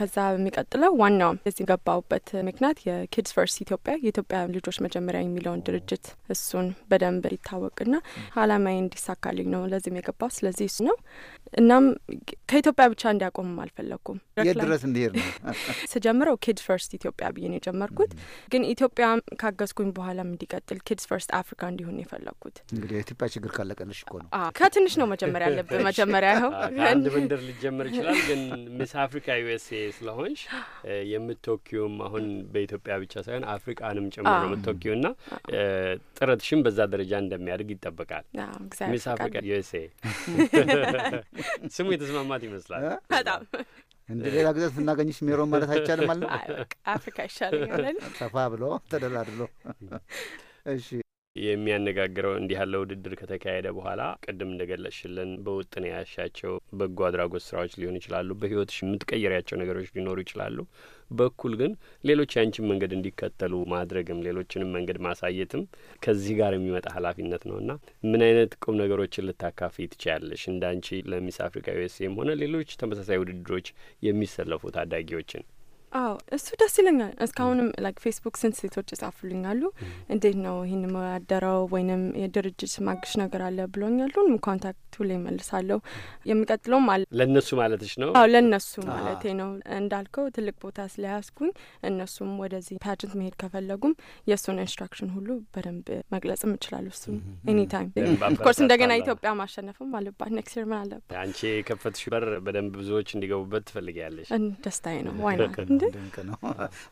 ከዛ የሚቀጥለው ዋናውም እዚህ ገባሁበት ምክንያት የኪድስ ፈርስት ኢትዮጵያ የኢትዮጵያ ልጆች መጀመሪያ የሚለውን ድርጅት እሱን በደንብ ና አላማዬ እንዲሳካልኝ ነው ለዚህም የገባው ስለዚህ እሱ ነው። እናም ከኢትዮጵያ ብቻ እንዲያቆምም አልፈለግኩም። ድረስ እንዲሄድ ነው ስጀምረው ኪድስ ፈርስት ኢትዮጵያ ብዬ ነው የጀመርኩት። ግን ኢትዮጵያ ካገዝኩኝ በኋላም እንዲቀጥል ኪድስ ፈርስት አፍሪካ እንዲሆን ነው የፈለግኩት። እንግዲህ የኢትዮጵያ ችግር ካለቀልሽ እኮ ነው። ከትንሽ ነው መጀመሪያ ያለብህ። መጀመሪያ ይኸው አንድ መንደር ሊጀመር ይችላል፣ ግን ሚስ አፍሪካ ዩኤስኤ ስለሆንሽ የምትወኪውም አሁን በኢትዮጵያ ብቻ ሳይሆን አፍሪቃንም ጭምር ነው የምትወኪው ና ጥረትሽም በዛ ደረጃ እንደሚያድግ ይጠበቃል። ሚስ አፍሪካ ዩኤስኤ ስሙ የተስማማት ይመስላል በጣም እንደ ሌላ ጊዜ ስናገኝሽ ሜሮ ማለት አይቻልም አለ። አፍሪካ ይሻለኛለን ሰፋ ብሎ ተደላድሎ። እሺ የሚያነጋግረው እንዲህ ያለ ውድድር ከተካሄደ በኋላ ቅድም እንደገለጽሽልን በውጥን ያሻቸው በጎ አድራጎት ስራዎች ሊሆኑ ይችላሉ። በህይወትሽ የምትቀየሪያቸው ነገሮች ሊኖሩ ይችላሉ። በኩል ግን ሌሎች ያንቺን መንገድ እንዲከተሉ ማድረግም ሌሎችንም መንገድ ማሳየትም ከዚህ ጋር የሚመጣ ኃላፊነት ነው እና ምን አይነት ቁም ነገሮችን ልታካፊ ትችያለሽ? እንዳንቺ ለሚስ አፍሪካ ዩኤስኤም ሆነ ሌሎች ተመሳሳይ ውድድሮች የሚሰለፉ ታዳጊዎችን አዎ እሱ ደስ ይለኛል። እስካሁንም ላይክ ፌስቡክ ስንት ሴቶች ይጻፉልኛሉ። እንዴት ነው ይህን መደረው ወይንም የድርጅት ማግሽ ነገር አለ ብሎኛል። ኮንታክቱ ላይ መልሳለሁ። የሚቀጥለውም አለ ለእነሱ ማለትሽ ነው? አዎ ለእነሱ ማለቴ ነው። እንዳልከው ትልቅ ቦታ ስለያዝኩኝ እነሱም ወደዚህ ፓጀንት መሄድ ከፈለጉም የእሱን ኢንስትራክሽን ሁሉ በደንብ መግለጽም እችላለሁ። እሱ ኤኒታይም ኦፍኮርስ። እንደገና ኢትዮጵያ ማሸነፍም አለባት ኔክስት ይር ምን አለባት። አንቺ የከፈትሽ በር በደንብ ብዙዎች እንዲገቡበት ትፈልጊያለሽ። ደስታዬ ነው ዋይና ድንቅ ነው።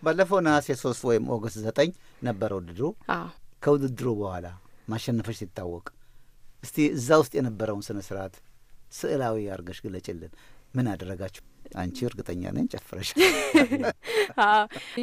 ባለፈው ነሐሴ ሶስት ወይም ኦገስት ዘጠኝ ነበረ ውድድሩ። ከውድድሩ በኋላ ማሸነፈች ሲታወቅ እስቲ እዛ ውስጥ የነበረውን ስነ ስርዓት ስዕላዊ አርገሽ ግለጭልን። ምን አደረጋችሁ? አንቺ እርግጠኛ ነኝ ጨፍረሽ።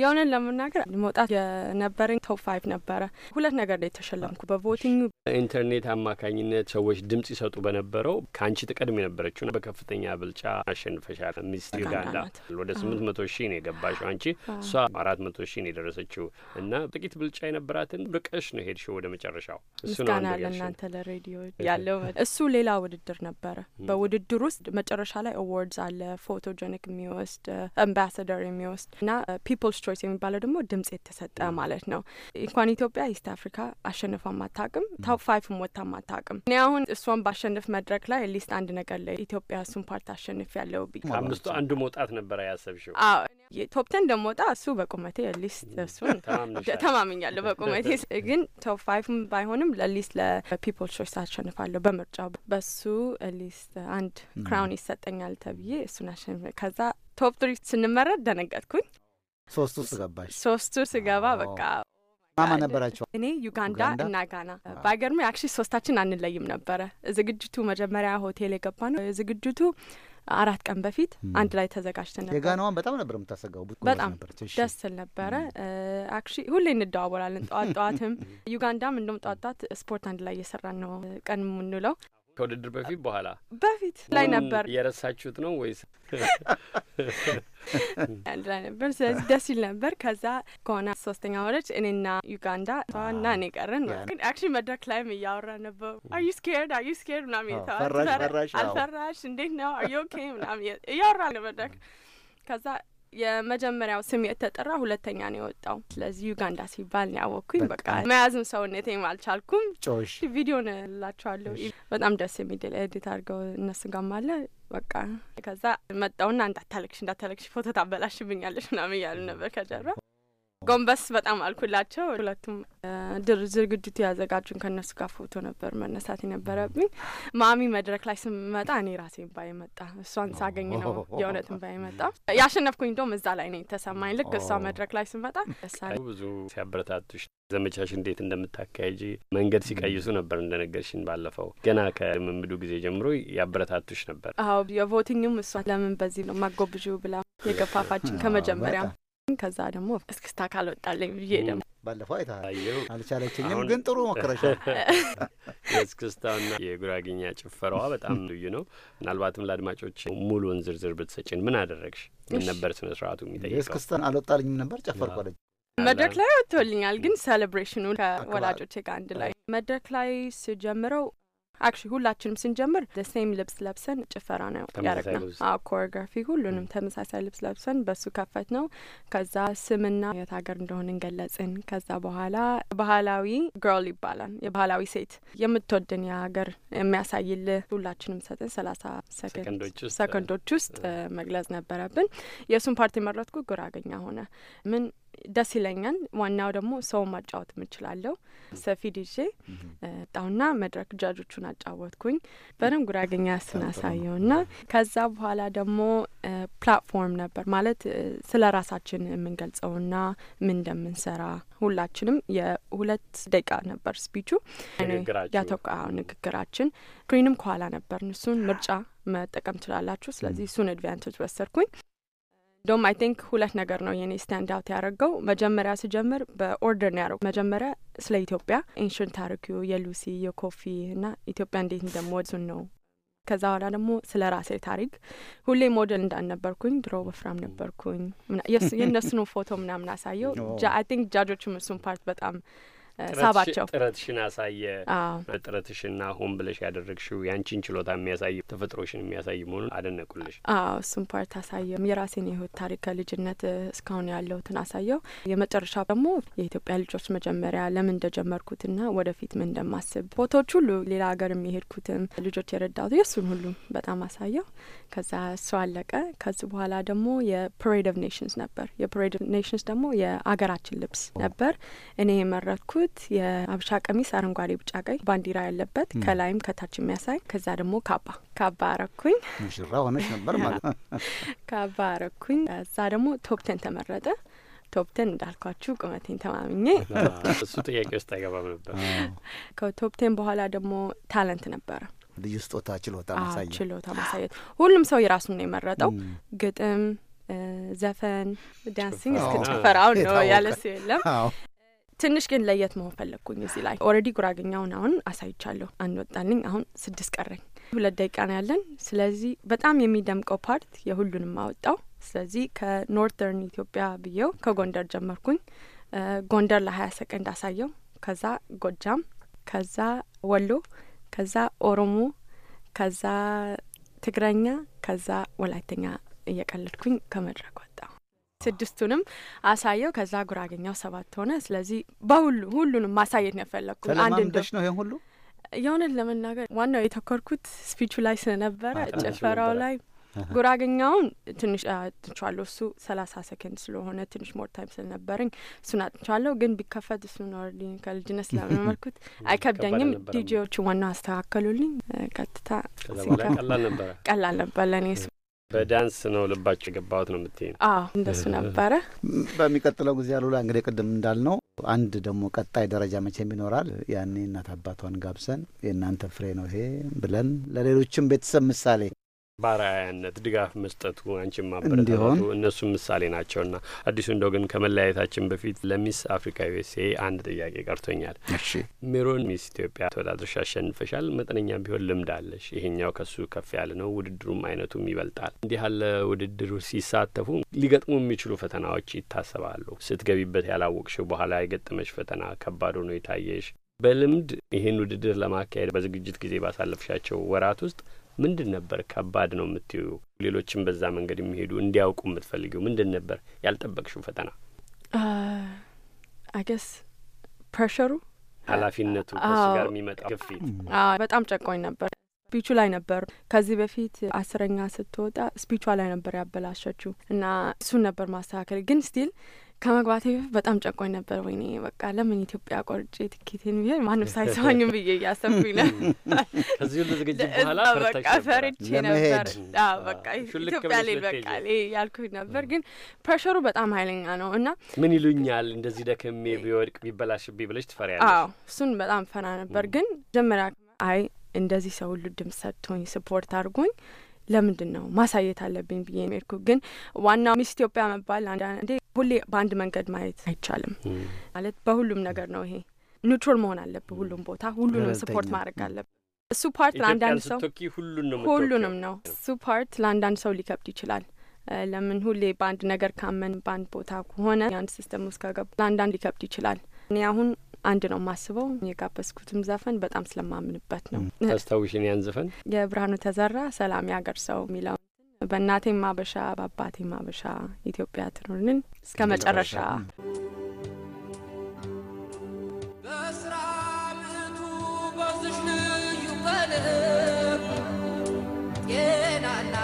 የሆነን ለመናገር መውጣት የነበረኝ ቶፕ ፋይቭ ነበረ። ሁለት ነገር ላይ የተሸለምኩ በቮቲንግ ኢንተርኔት አማካኝነት ሰዎች ድምጽ ይሰጡ በነበረው ከአንቺ ትቀድም የነበረችው በከፍተኛ ብልጫ አሸንፈሻል። ሚስ ዩጋንዳ ወደ ስምንት መቶ ሺህ ነው የገባሽው አንቺ፣ እሷ አራት መቶ ሺህ ነው የደረሰችው እና ጥቂት ብልጫ የነበራትን ርቀሽ ነው ሄድሽው ወደ መጨረሻው። ምስጋና ለእናንተ ለሬዲዮ ያለው እሱ ሌላ ውድድር ነበረ። በውድድር ውስጥ መጨረሻ ላይ አዋርድስ አለ ፎቶ ፎቶጀኒክ የሚወስድ አምባሳደር የሚወስድ እና ፒፕልስ ቾይስ የሚባለው ደግሞ ድምጽ የተሰጠ ማለት ነው። እንኳን ኢትዮጵያ ኢስት አፍሪካ አሸንፋ ማታቅም ታፕ ፋይፍም ወጥታ ማታቅም። እኔ አሁን እሷን ባሸንፍ መድረክ ላይ ሊስት አንድ ነገር ለኢትዮጵያ እሱን ፓርት አሸንፍ ያለው ብዬ ከአምስቱ አንዱ መውጣት ነበረ ያሰብሽው? አዎ ቶፕተን እንደምወጣ እሱ በቁመቴ ሊስት እሱን ተማምኛለሁ። በቁመቴ ግን ቶፕ ፋይቭም ባይሆንም ለሊስት ለፒፖል ቾይስ አሸንፋለሁ በምርጫ በሱ ሊስት አንድ ክራውን ይሰጠኛል ተብዬ እሱን አሸንፍ ከዛ ቶፕ ትሪ ስንመረጥ ደነገጥኩኝ። ሶስቱ ስገባሽ ሶስቱ ስገባ በቃ ማማ ነበራቸው። እኔ ዩጋንዳ እና ጋና ባገርሜ አክሽ ሶስታችን አንለይም ነበረ። ዝግጅቱ መጀመሪያ ሆቴል የገባ ነው ዝግጅቱ አራት ቀን በፊት አንድ ላይ ተዘጋጅተን ነበር። የጋናዋን በጣም ነበር የምታሰጋው። በጣም ደስ ስል ነበረ። አክሺ ሁሌ እንደዋወላለን ጠዋት ጠዋትም ዩጋንዳም እንደም ጠዋት ጠዋት ስፖርት አንድ ላይ እየሰራን ነው ቀን የምንውለው። ከውድድር በፊት በኋላ በፊት ላይ ነበር። የረሳችሁት ነው ወይስ? አንድ ላይ ነበር። ስለዚህ ደስ ይል ነበር። ከዛ ከሆነ ሶስተኛ ወረች እኔና ዩጋንዳ እና እኔ ቀረን። ግን አክሽን መድረክ ላይም እያወራ ነበሩ። አዩ ስኬርድ አዩ ስኬርድ ምናምን የተዋራሽ አልፈራሽ፣ እንዴት ነው አዩ ኦኬ ምናምን እያወራ ነው መድረክ ከዛ የመጀመሪያው ስም የተጠራ ሁለተኛ ነው የወጣው። ስለዚህ ዩጋንዳ ሲባል ነው ያወቅኩኝ። በቃ መያዝም ሰውነቴም አልቻልኩም። ጮሽ ቪዲዮን ላቸዋለሁ። በጣም ደስ የሚል ኤዲት አድርገው እነሱ ጋማለ በቃ ከዛ መጣውና እንዳታለቅሽ፣ እንዳታለቅሽ ፎቶ ታበላሽብኛለሽ ምናምን እያሉ ነበር ከጀርባ ጎንበስ በጣም አልኩላቸው። ሁለቱም ድር ዝግጅቱ ያዘጋጁን ከእነሱ ጋር ፎቶ ነበር መነሳት የነበረብኝ። ማሚ መድረክ ላይ ስመጣ እኔ ራሴ ባ የመጣ እሷን ሳገኝ ነው የእውነትን ባ የመጣ ያሸነፍኩኝ። እንደውም እዛ ላይ ነው የተሰማኝ። ልክ እሷ መድረክ ላይ ስመጣ ብዙ ሲያበረታቱሽ ዘመቻሽ እንዴት እንደምታካሄጂ መንገድ ሲቀይሱ ነበር እንደነገርሽን። ባለፈው ገና ከልምምዱ ጊዜ ጀምሮ ያበረታቱሽ ነበር። አዎ የቮቲንግም እሷ ለምን በዚህ ነው ማጎብዥ ብላ የገፋፋችን ከመጀመሪያ ግን ከዛ ደግሞ እስክስታ ካልወጣለኝ ብዬ ደግሞ ባለፈው አይተሃል። አልቻለችኝም፣ ግን ጥሩ ሞክረሻል። የእስክስታውና የጉራግኛ ጭፈራዋ በጣም ልዩ ነው። ምናልባትም ለአድማጮች ሙሉን ዝርዝር ብትሰጭን። ምን አደረግሽ? ምን ነበር ስነ ስርአቱ የሚጠይቀው? የእስክስታን አልወጣልኝም ነበር፣ ጨፈርኩ አለች። መድረክ ላይ ወጥቶልኛል፣ ግን ሴሌብሬሽኑ ከወላጆቼ ጋር አንድ ላይ መድረክ ላይ ስጀምረው አክሽ ሁላችንም ስንጀምር ሴም ልብስ ለብሰን ጭፈራ ነው ያደረግነው። አዎ ኮሪዮግራፊ፣ ሁሉንም ተመሳሳይ ልብስ ለብሰን በሱ ከፈት ነው። ከዛ ስምና የት ሀገር እንደሆን እንገለጽን። ከዛ በኋላ ባህላዊ ግርል ይባላል የባህላዊ ሴት የምትወድን የሀገር የሚያሳይልህ ሁላችንም ሰጥን ሰላሳ ሰከንዶች ውስጥ መግለጽ ነበረብን። የእሱን ፓርቲ መረጥኩ። ጉራገኛ ሆነ ምን ደስ ይለኛል። ዋናው ደግሞ ሰው ማጫወት የምችላለሁ። ሰፊ ዲጄ ጣውና መድረክ ጃጆቹን አጫወትኩኝ። በደንብ ጉራገኛ ስናሳየው ና ከዛ በኋላ ደግሞ ፕላትፎርም ነበር ማለት ስለ ራሳችን የምንገልጸው ና ምን እንደምንሰራ ሁላችንም የሁለት ደቂቃ ነበር ስፒቹ ያተቋ ንግግራችን። ስክሪንም ከኋላ ነበር እሱን ምርጫ መጠቀም ትችላላችሁ። ስለዚህ እሱን አድቫንቴጅ ወሰድኩኝ። እንደውም አይ ቲንክ ሁለት ነገር ነው የኔ ስታንድ አውት ያደረገው። መጀመሪያ ስጀምር በኦርደር ነው ያደረገው። መጀመሪያ ስለ ኢትዮጵያ ኤንሽንት ታሪኩ የሉሲ የኮፊ እና ኢትዮጵያ እንዴት እንደምወድሱን ነው። ከዛ በኋላ ደግሞ ስለ ራሴ ታሪክ ሁሌ ሞዴል እንዳልነበርኩኝ ድሮ ወፍራም ነበርኩኝ የእነሱን ፎቶ ምናምን አሳየው። አይ ቲንክ እሱን ፓርት በጣም ሳባቸው ጥረትሽን አሳየ። ጥረትሽና ሆን ብለሽ ያደረግሽው ያንቺን ችሎታ የሚያሳይ ተፈጥሮሽን የሚያሳይ መሆኑን አደነቁልሽ። አዎ እሱም ፓርት አሳየም። የራሴን የህይወት ታሪክ ከልጅነት እስካሁን ያለሁትን አሳየው። የመጨረሻ ደግሞ የኢትዮጵያ ልጆች መጀመሪያ ለምን እንደጀመርኩትና ወደፊት ምን እንደማስብ ፎቶዎች ሁሉ ሌላ ሀገር የሚሄድኩትም ልጆች የረዳቱ የእሱን ሁሉ በጣም አሳየው። ከዛ እሱ አለቀ። ከዚህ በኋላ ደግሞ የፕሬድ ኦፍ ኔሽንስ ነበር። የፕሬድ ኦፍ ኔሽንስ ደግሞ የአገራችን ልብስ ነበር እኔ የመረጥኩት ማለት የአብሻ ቀሚስ አረንጓዴ፣ ቢጫ፣ ቀይ ባንዲራ ያለበት ከላይም ከታች የሚያሳይ ከዛ ደግሞ ካባ ካባ አረኩኝ። ሙሽራ ሆነች ነበር ማለት ካባ አረኩኝ። እዛ ደግሞ ቶፕተን ተመረጠ። ቶፕቴን እንዳልኳችሁ ቁመቴን ተማምኜ እሱ ጥያቄ ውስጥ አይገባም ነበር። ከቶፕቴን በኋላ ደግሞ ታለንት ነበረ ልዩ ስጦታ፣ ችሎታ ማሳየት ችሎታ ማሳየት። ሁሉም ሰው የራሱን ነው የመረጠው። ግጥም፣ ዘፈን፣ ዳንሲንግ እስከ ጭፈራው ነው ያለሱ የለም። ትንሽ ግን ለየት መሆን ፈለግኩኝ እዚህ ላይ ኦረዲ ጉራግኛውን አሁን አሳይቻለሁ። አንድ ወጣልኝ። አሁን ስድስት ቀረኝ። ሁለት ደቂቃ ነው ያለን። ስለዚህ በጣም የሚደምቀው ፓርት የሁሉንም አወጣው። ስለዚህ ከኖርተርን ኢትዮጵያ ብዬው ከጎንደር ጀመርኩኝ። ጎንደር ለሀያ ሰቀንድ አሳየው። ከዛ ጎጃም፣ ከዛ ወሎ፣ ከዛ ኦሮሞ፣ ከዛ ትግረኛ፣ ከዛ ወላይተኛ እየቀለድኩኝ ከመድረኳል ስድስቱንም አሳየው። ከዛ ጉራጌኛው ሰባት ሆነ። ስለዚህ በሁሉ ሁሉንም ማሳየት ነው የፈለግኩት። አንድ ነው ይሄን ሁሉ የእውነት ለመናገር ዋናው የተኮርኩት ስፒቹ ላይ ስለነበረ ጭፈራው ላይ ጉራገኛውን ትንሽ አጥንቻለሁ። እሱ ሰላሳ ሰከንድ ስለሆነ ትንሽ ሞር ታይም ስለነበረኝ እሱን አጥንቻለሁ። ግን ቢከፈት እሱ ኦልሬዲ ከልጅነት ስለመመርኩት አይከብደኝም። ዲጄዎቹ ዋናው አስተካከሉልኝ። ቀጥታ ቀላል ነበር ለእኔ እሱ በዳንስ ነው ልባቸው የገባሁት ነው የምትይኝ? አዎ እንደሱ ነበረ። በሚቀጥለው ጊዜ አሉላ እንግዲህ ቅድም እንዳልነው አንድ ደግሞ ቀጣይ ደረጃ መቼም ይኖራል። ያኔ እናት አባቷን ጋብዘን የእናንተ ፍሬ ነው ይሄ ብለን ለሌሎችም ቤተሰብ ምሳሌ ባራያነት ድጋፍ መስጠቱ አንቺ ማበረታቱ እነሱ ምሳሌ ናቸውና አዲሱ እንደው ግን ከመለያየታችን በፊት ለሚስ አፍሪካ ዩኤስኤ አንድ ጥያቄ ቀርቶኛል። ሜሮን ሚስ ኢትዮጵያ ተወዳድረሽ አሸንፈሻል። መጠነኛ ቢሆን ልምድ አለሽ። ይሄኛው ከሱ ከፍ ያለ ነው። ውድድሩም አይነቱም ይበልጣል። እንዲህ ያለ ውድድሩ ሲሳተፉ ሊገጥሙ የሚችሉ ፈተናዎች ይታሰባሉ። ስትገቢበት ያላወቅሽው በኋላ የገጠመሽ ፈተና ከባድ ሆኖ የታየሽ በልምድ ይህን ውድድር ለማካሄድ በዝግጅት ጊዜ ባሳለፍሻቸው ወራት ውስጥ ምንድን ነበር ከባድ ነው የምትዩ? ሌሎችም በዛ መንገድ የሚሄዱ እንዲያውቁ የምትፈልጊው ምንድን ነበር? ያልጠበቅሽው ፈተና አገስ uh, ፕሬሸሩ፣ ኃላፊነቱ uh, ከሱ ጋር የሚመጣ ግፊት uh, በጣም ጨቆኝ ነበር። ስፒቹ ላይ ነበር ከዚህ በፊት አስረኛ ስትወጣ ስፒቿ ላይ ነበር ያበላሸችው እና እሱን ነበር ማስተካከል ግን ስቲል ከመግባቴ በጣም ጨቆኝ ነበር። ወይኔ በቃ ለምን ኢትዮጵያ ቆርጬ ትኬቴን ብሄድ ማንም ሳይሰማኝም ብዬ እያሰብኩኝ ነበር። ከዚህ ሁሉ ዝግጅት በኋላ በቃ ፈርቼ ነበር። በቃ ኢትዮጵያ ላይ በቃ ያልኩኝ ነበር። ግን ፕሬሸሩ በጣም ኃይለኛ ነው እና ምን ይሉኛል እንደዚህ ደክሜ ቢወድቅ ቢበላሽብኝ ብለሽ ትፈሪያለሽ? አዎ እሱን በጣም ፈራ ነበር። ግን መጀመሪያ አይ እንደዚህ ሰው ሁሉ ድምጽ ሰጥቶኝ ስፖርት አድርጎኝ ለምንድን ነው ማሳየት አለብኝ ብዬ ሜርኩ። ግን ዋናው ሚስ ኢትዮጵያ መባል አንዳንዴ ሁሌ በአንድ መንገድ ማየት አይቻልም ማለት በሁሉም ነገር ነው። ይሄ ኒውትራል መሆን አለብህ። ሁሉም ቦታ ሁሉንም ስፖርት ማድረግ አለብህ። እሱ ፓርት ለአንዳንድ ሰው ሁሉንም ነው። እሱ ፓርት ለአንዳንድ ሰው ሊከብድ ይችላል። ለምን ሁሌ በአንድ ነገር ካመን በአንድ ቦታ ከሆነ ያን ሲስተም ውስጥ ከገቡ ለአንዳንድ ሊከብድ ይችላል። እኔ አሁን አንድ ነው የማስበው። የጋበዝኩትም ዘፈን በጣም ስለማምንበት ነው። ታስታውሽን ያን ዘፈን የብርሃኑ ተዘራ ሰላም ያገር ሰው የሚለው በእናቴ ማበሻ በአባቴ ማበሻ ኢትዮጵያ ትኑርንን እስከ መጨረሻ ጤናና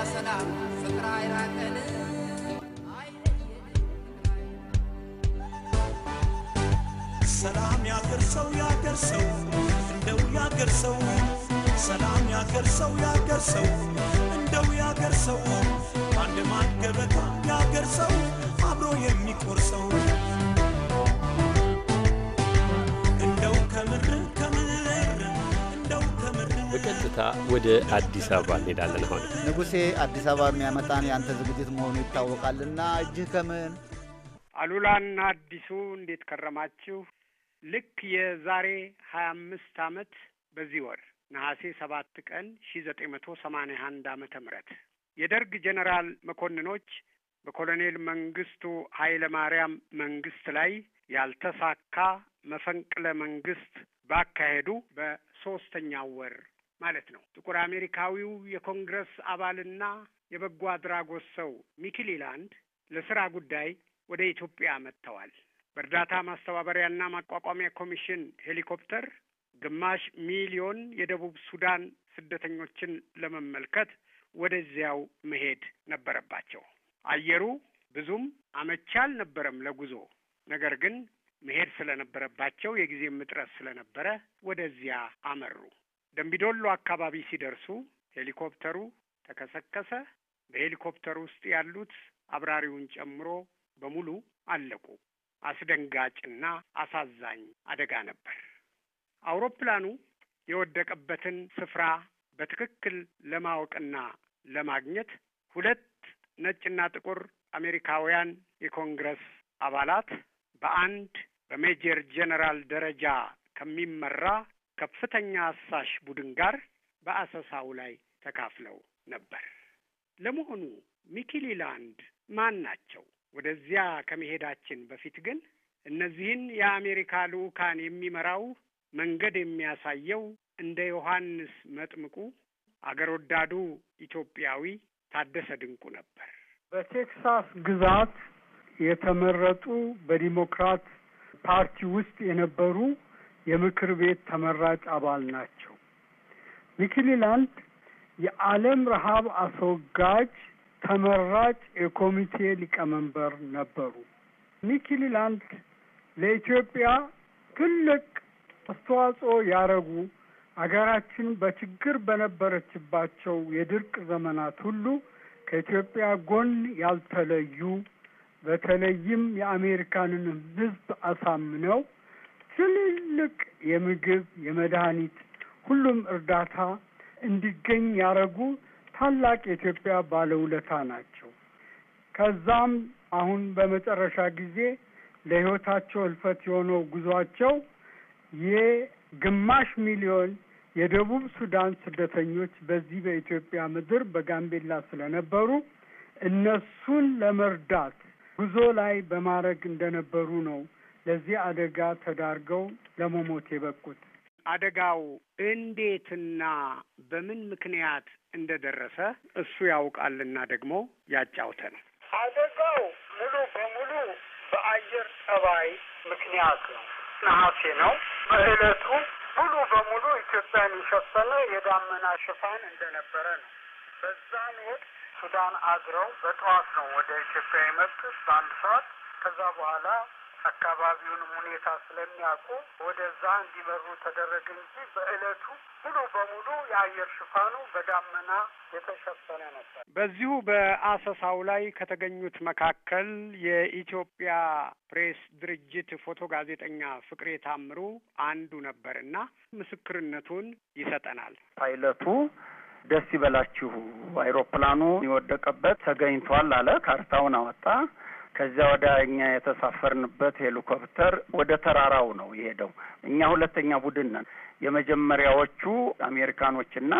ሰላም ያገርሰው ያገርሰው እንደው ያገርሰው ሰላም ያገርሰው ያገርሰው እንደው ያገርሰው አንድ ማገበታ ያገርሰው አብሮ የሚቆርሰው እንደው ከምር በቀጥታ ወደ አዲስ አበባ እንሄዳለን። አሁን ንጉሴ አዲስ አበባ የሚያመጣን የአንተ ዝግጅት መሆኑ ይታወቃልና እጅህ ከምን አሉላና አዲሱ እንዴት ከረማችሁ? ልክ የዛሬ ሀያ አምስት አመት በዚህ ወር ነሐሴ ሰባት ቀን ሺ ዘጠኝ መቶ ሰማኒያ አንድ አመተ ምህረት የደርግ ጀኔራል መኮንኖች በኮሎኔል መንግስቱ ኃይለ ማርያም መንግስት ላይ ያልተሳካ መፈንቅለ መንግስት ባካሄዱ በሶስተኛው ወር ማለት ነው። ጥቁር አሜሪካዊው የኮንግረስ አባልና የበጎ አድራጎት ሰው ሚኪሊላንድ ለስራ ጉዳይ ወደ ኢትዮጵያ መጥተዋል። በእርዳታ ማስተባበሪያና ማቋቋሚያ ኮሚሽን ሄሊኮፕተር ግማሽ ሚሊዮን የደቡብ ሱዳን ስደተኞችን ለመመልከት ወደዚያው መሄድ ነበረባቸው። አየሩ ብዙም አመቺ አልነበረም ለጉዞ። ነገር ግን መሄድ ስለነበረባቸው የጊዜም እጥረት ስለነበረ ወደዚያ አመሩ። ደምቢዶሎ አካባቢ ሲደርሱ ሄሊኮፕተሩ ተከሰከሰ። በሄሊኮፕተር ውስጥ ያሉት አብራሪውን ጨምሮ በሙሉ አለቁ። አስደንጋጭና አሳዛኝ አደጋ ነበር። አውሮፕላኑ የወደቀበትን ስፍራ በትክክል ለማወቅና ለማግኘት ሁለት ነጭና ጥቁር አሜሪካውያን የኮንግረስ አባላት በአንድ በሜጀር ጄኔራል ደረጃ ከሚመራ ከፍተኛ አሳሽ ቡድን ጋር በአሰሳው ላይ ተካፍለው ነበር። ለመሆኑ ሚኪሊላንድ ማን ናቸው? ወደዚያ ከመሄዳችን በፊት ግን እነዚህን የአሜሪካ ልዑካን የሚመራው መንገድ የሚያሳየው እንደ ዮሐንስ መጥምቁ አገር ወዳዱ ኢትዮጵያዊ ታደሰ ድንቁ ነበር። በቴክሳስ ግዛት የተመረጡ በዲሞክራት ፓርቲ ውስጥ የነበሩ የምክር ቤት ተመራጭ አባል ናቸው። ሚክሊላንድ የዓለም ረሃብ አስወጋጅ ተመራጭ የኮሚቴ ሊቀመንበር ነበሩ። ሚኪሊላንድ ለኢትዮጵያ ትልቅ አስተዋጽኦ ያደረጉ አገራችን በችግር በነበረችባቸው የድርቅ ዘመናት ሁሉ ከኢትዮጵያ ጎን ያልተለዩ በተለይም የአሜሪካንን ሕዝብ አሳምነው ትልልቅ የምግብ፣ የመድኃኒት ሁሉም እርዳታ እንዲገኝ ያደረጉ ታላቅ የኢትዮጵያ ባለውለታ ናቸው። ከዛም አሁን በመጨረሻ ጊዜ ለሕይወታቸው ሕልፈት የሆነው ጉዟቸው የግማሽ ሚሊዮን የደቡብ ሱዳን ስደተኞች በዚህ በኢትዮጵያ ምድር በጋምቤላ ስለነበሩ እነሱን ለመርዳት ጉዞ ላይ በማድረግ እንደነበሩ ነው ለዚህ አደጋ ተዳርገው ለመሞት የበቁት። አደጋው እንዴትና በምን ምክንያት እንደደረሰ እሱ ያውቃልና ደግሞ ያጫውተ ነው። አደጋው ሙሉ በሙሉ በአየር ጠባይ ምክንያት ነው። ነሐሴ ነው። በእለቱ ሙሉ በሙሉ ኢትዮጵያን የሸፈነ የዳመና ሽፋን እንደነበረ ነው። በዛን ወቅት ሱዳን አድረው በጠዋት ነው ወደ ኢትዮጵያ የመጡት በአንድ ሰዓት። ከዛ በኋላ አካባቢውንም ሁኔታ ስለሚያውቁ ወደዛ እንዲመሩ ተደረገ እንጂ በእለቱ ሙሉ በሙሉ የአየር ሽፋኑ በዳመና የተሸፈነ ነበር። በዚሁ በአሰሳው ላይ ከተገኙት መካከል የኢትዮጵያ ፕሬስ ድርጅት ፎቶ ጋዜጠኛ ፍቅሬ ታምሩ አንዱ ነበር እና ምስክርነቱን ይሰጠናል። ፓይለቱ ደስ ይበላችሁ አይሮፕላኑ የወደቀበት ተገኝቷል አለ። ካርታውን አወጣ። ከዚያ ወደ እኛ የተሳፈርንበት ሄሊኮፕተር ወደ ተራራው ነው የሄደው። እኛ ሁለተኛ ቡድን ነን። የመጀመሪያዎቹ አሜሪካኖችና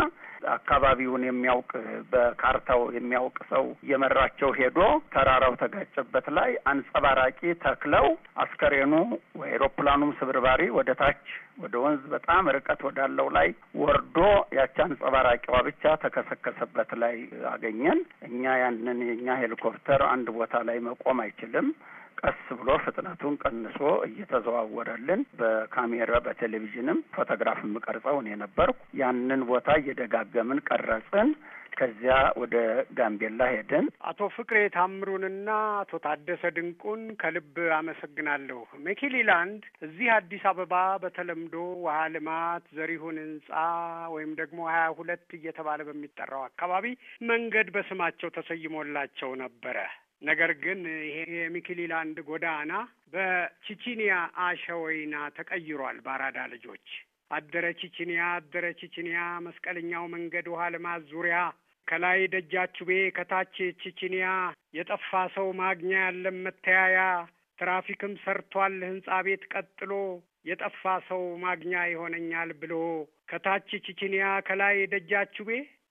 አካባቢውን የሚያውቅ በካርታው የሚያውቅ ሰው እየመራቸው ሄዶ ተራራው ተጋጨበት ላይ አንጸባራቂ ተክለው አስከሬኑ አይሮፕላኑም ስብርባሪ ወደ ታች ወደ ወንዝ በጣም ርቀት ወዳለው ላይ ወርዶ ያቺ አንጸባራቂዋ ብቻ ተከሰከሰበት ላይ አገኘን። እኛ ያንን የእኛ ሄሊኮፕተር አንድ ቦታ ላይ መቆም አይችልም። ቀስ ብሎ ፍጥነቱን ቀንሶ እየተዘዋወረልን በካሜራ በቴሌቪዥንም ፎቶግራፍ የምቀርጸው እኔ ነበርኩ። ያንን ቦታ እየደጋገምን ቀረጽን። ከዚያ ወደ ጋምቤላ ሄድን። አቶ ፍቅሬ ታምሩንና አቶ ታደሰ ድንቁን ከልብ አመሰግናለሁ። ሜኪሊላንድ እዚህ አዲስ አበባ በተለምዶ ውሃ ልማት፣ ዘሪሁን ህንጻ ወይም ደግሞ ሀያ ሁለት እየተባለ በሚጠራው አካባቢ መንገድ በስማቸው ተሰይሞላቸው ነበረ። ነገር ግን ይሄ የሚክሊላንድ ጎዳና በቺቺኒያ አሸወይና ተቀይሯል። በአራዳ ልጆች አደረ ቺቺኒያ አደረ ቺቺኒያ መስቀለኛው መንገድ ውሃ ልማት ዙሪያ ከላይ ደጃችቤ ከታች ቺቺኒያ የጠፋ ሰው ማግኛ ያለም መተያያ ትራፊክም ሰርቷል ህንጻ ቤት ቀጥሎ የጠፋ ሰው ማግኛ ይሆነኛል ብሎ ከታች ቺቺኒያ ከላይ ቤ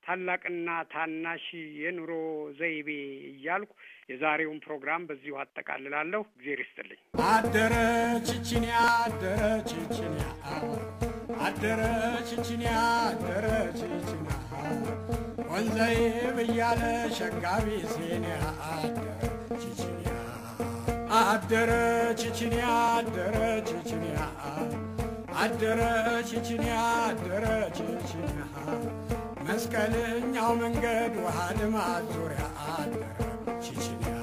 ታላቅና ታናሽ የኑሮ ዘይቤ እያልኩ የዛሬውን ፕሮግራም በዚሁ አጠቃልላለሁ። እግዜር ይስጥልኝ። አደረ አደረችችንያ አደረ አደረችችንያ ወንዘይ ብያለ ሸጋቢ አደረ አደረችችንያ አደረ አደረችችንያ አደረ አደረችችንያ በመስቀለኛው መንገድ ውሃ ልማት ዙሪያ አደረ ቺችንያ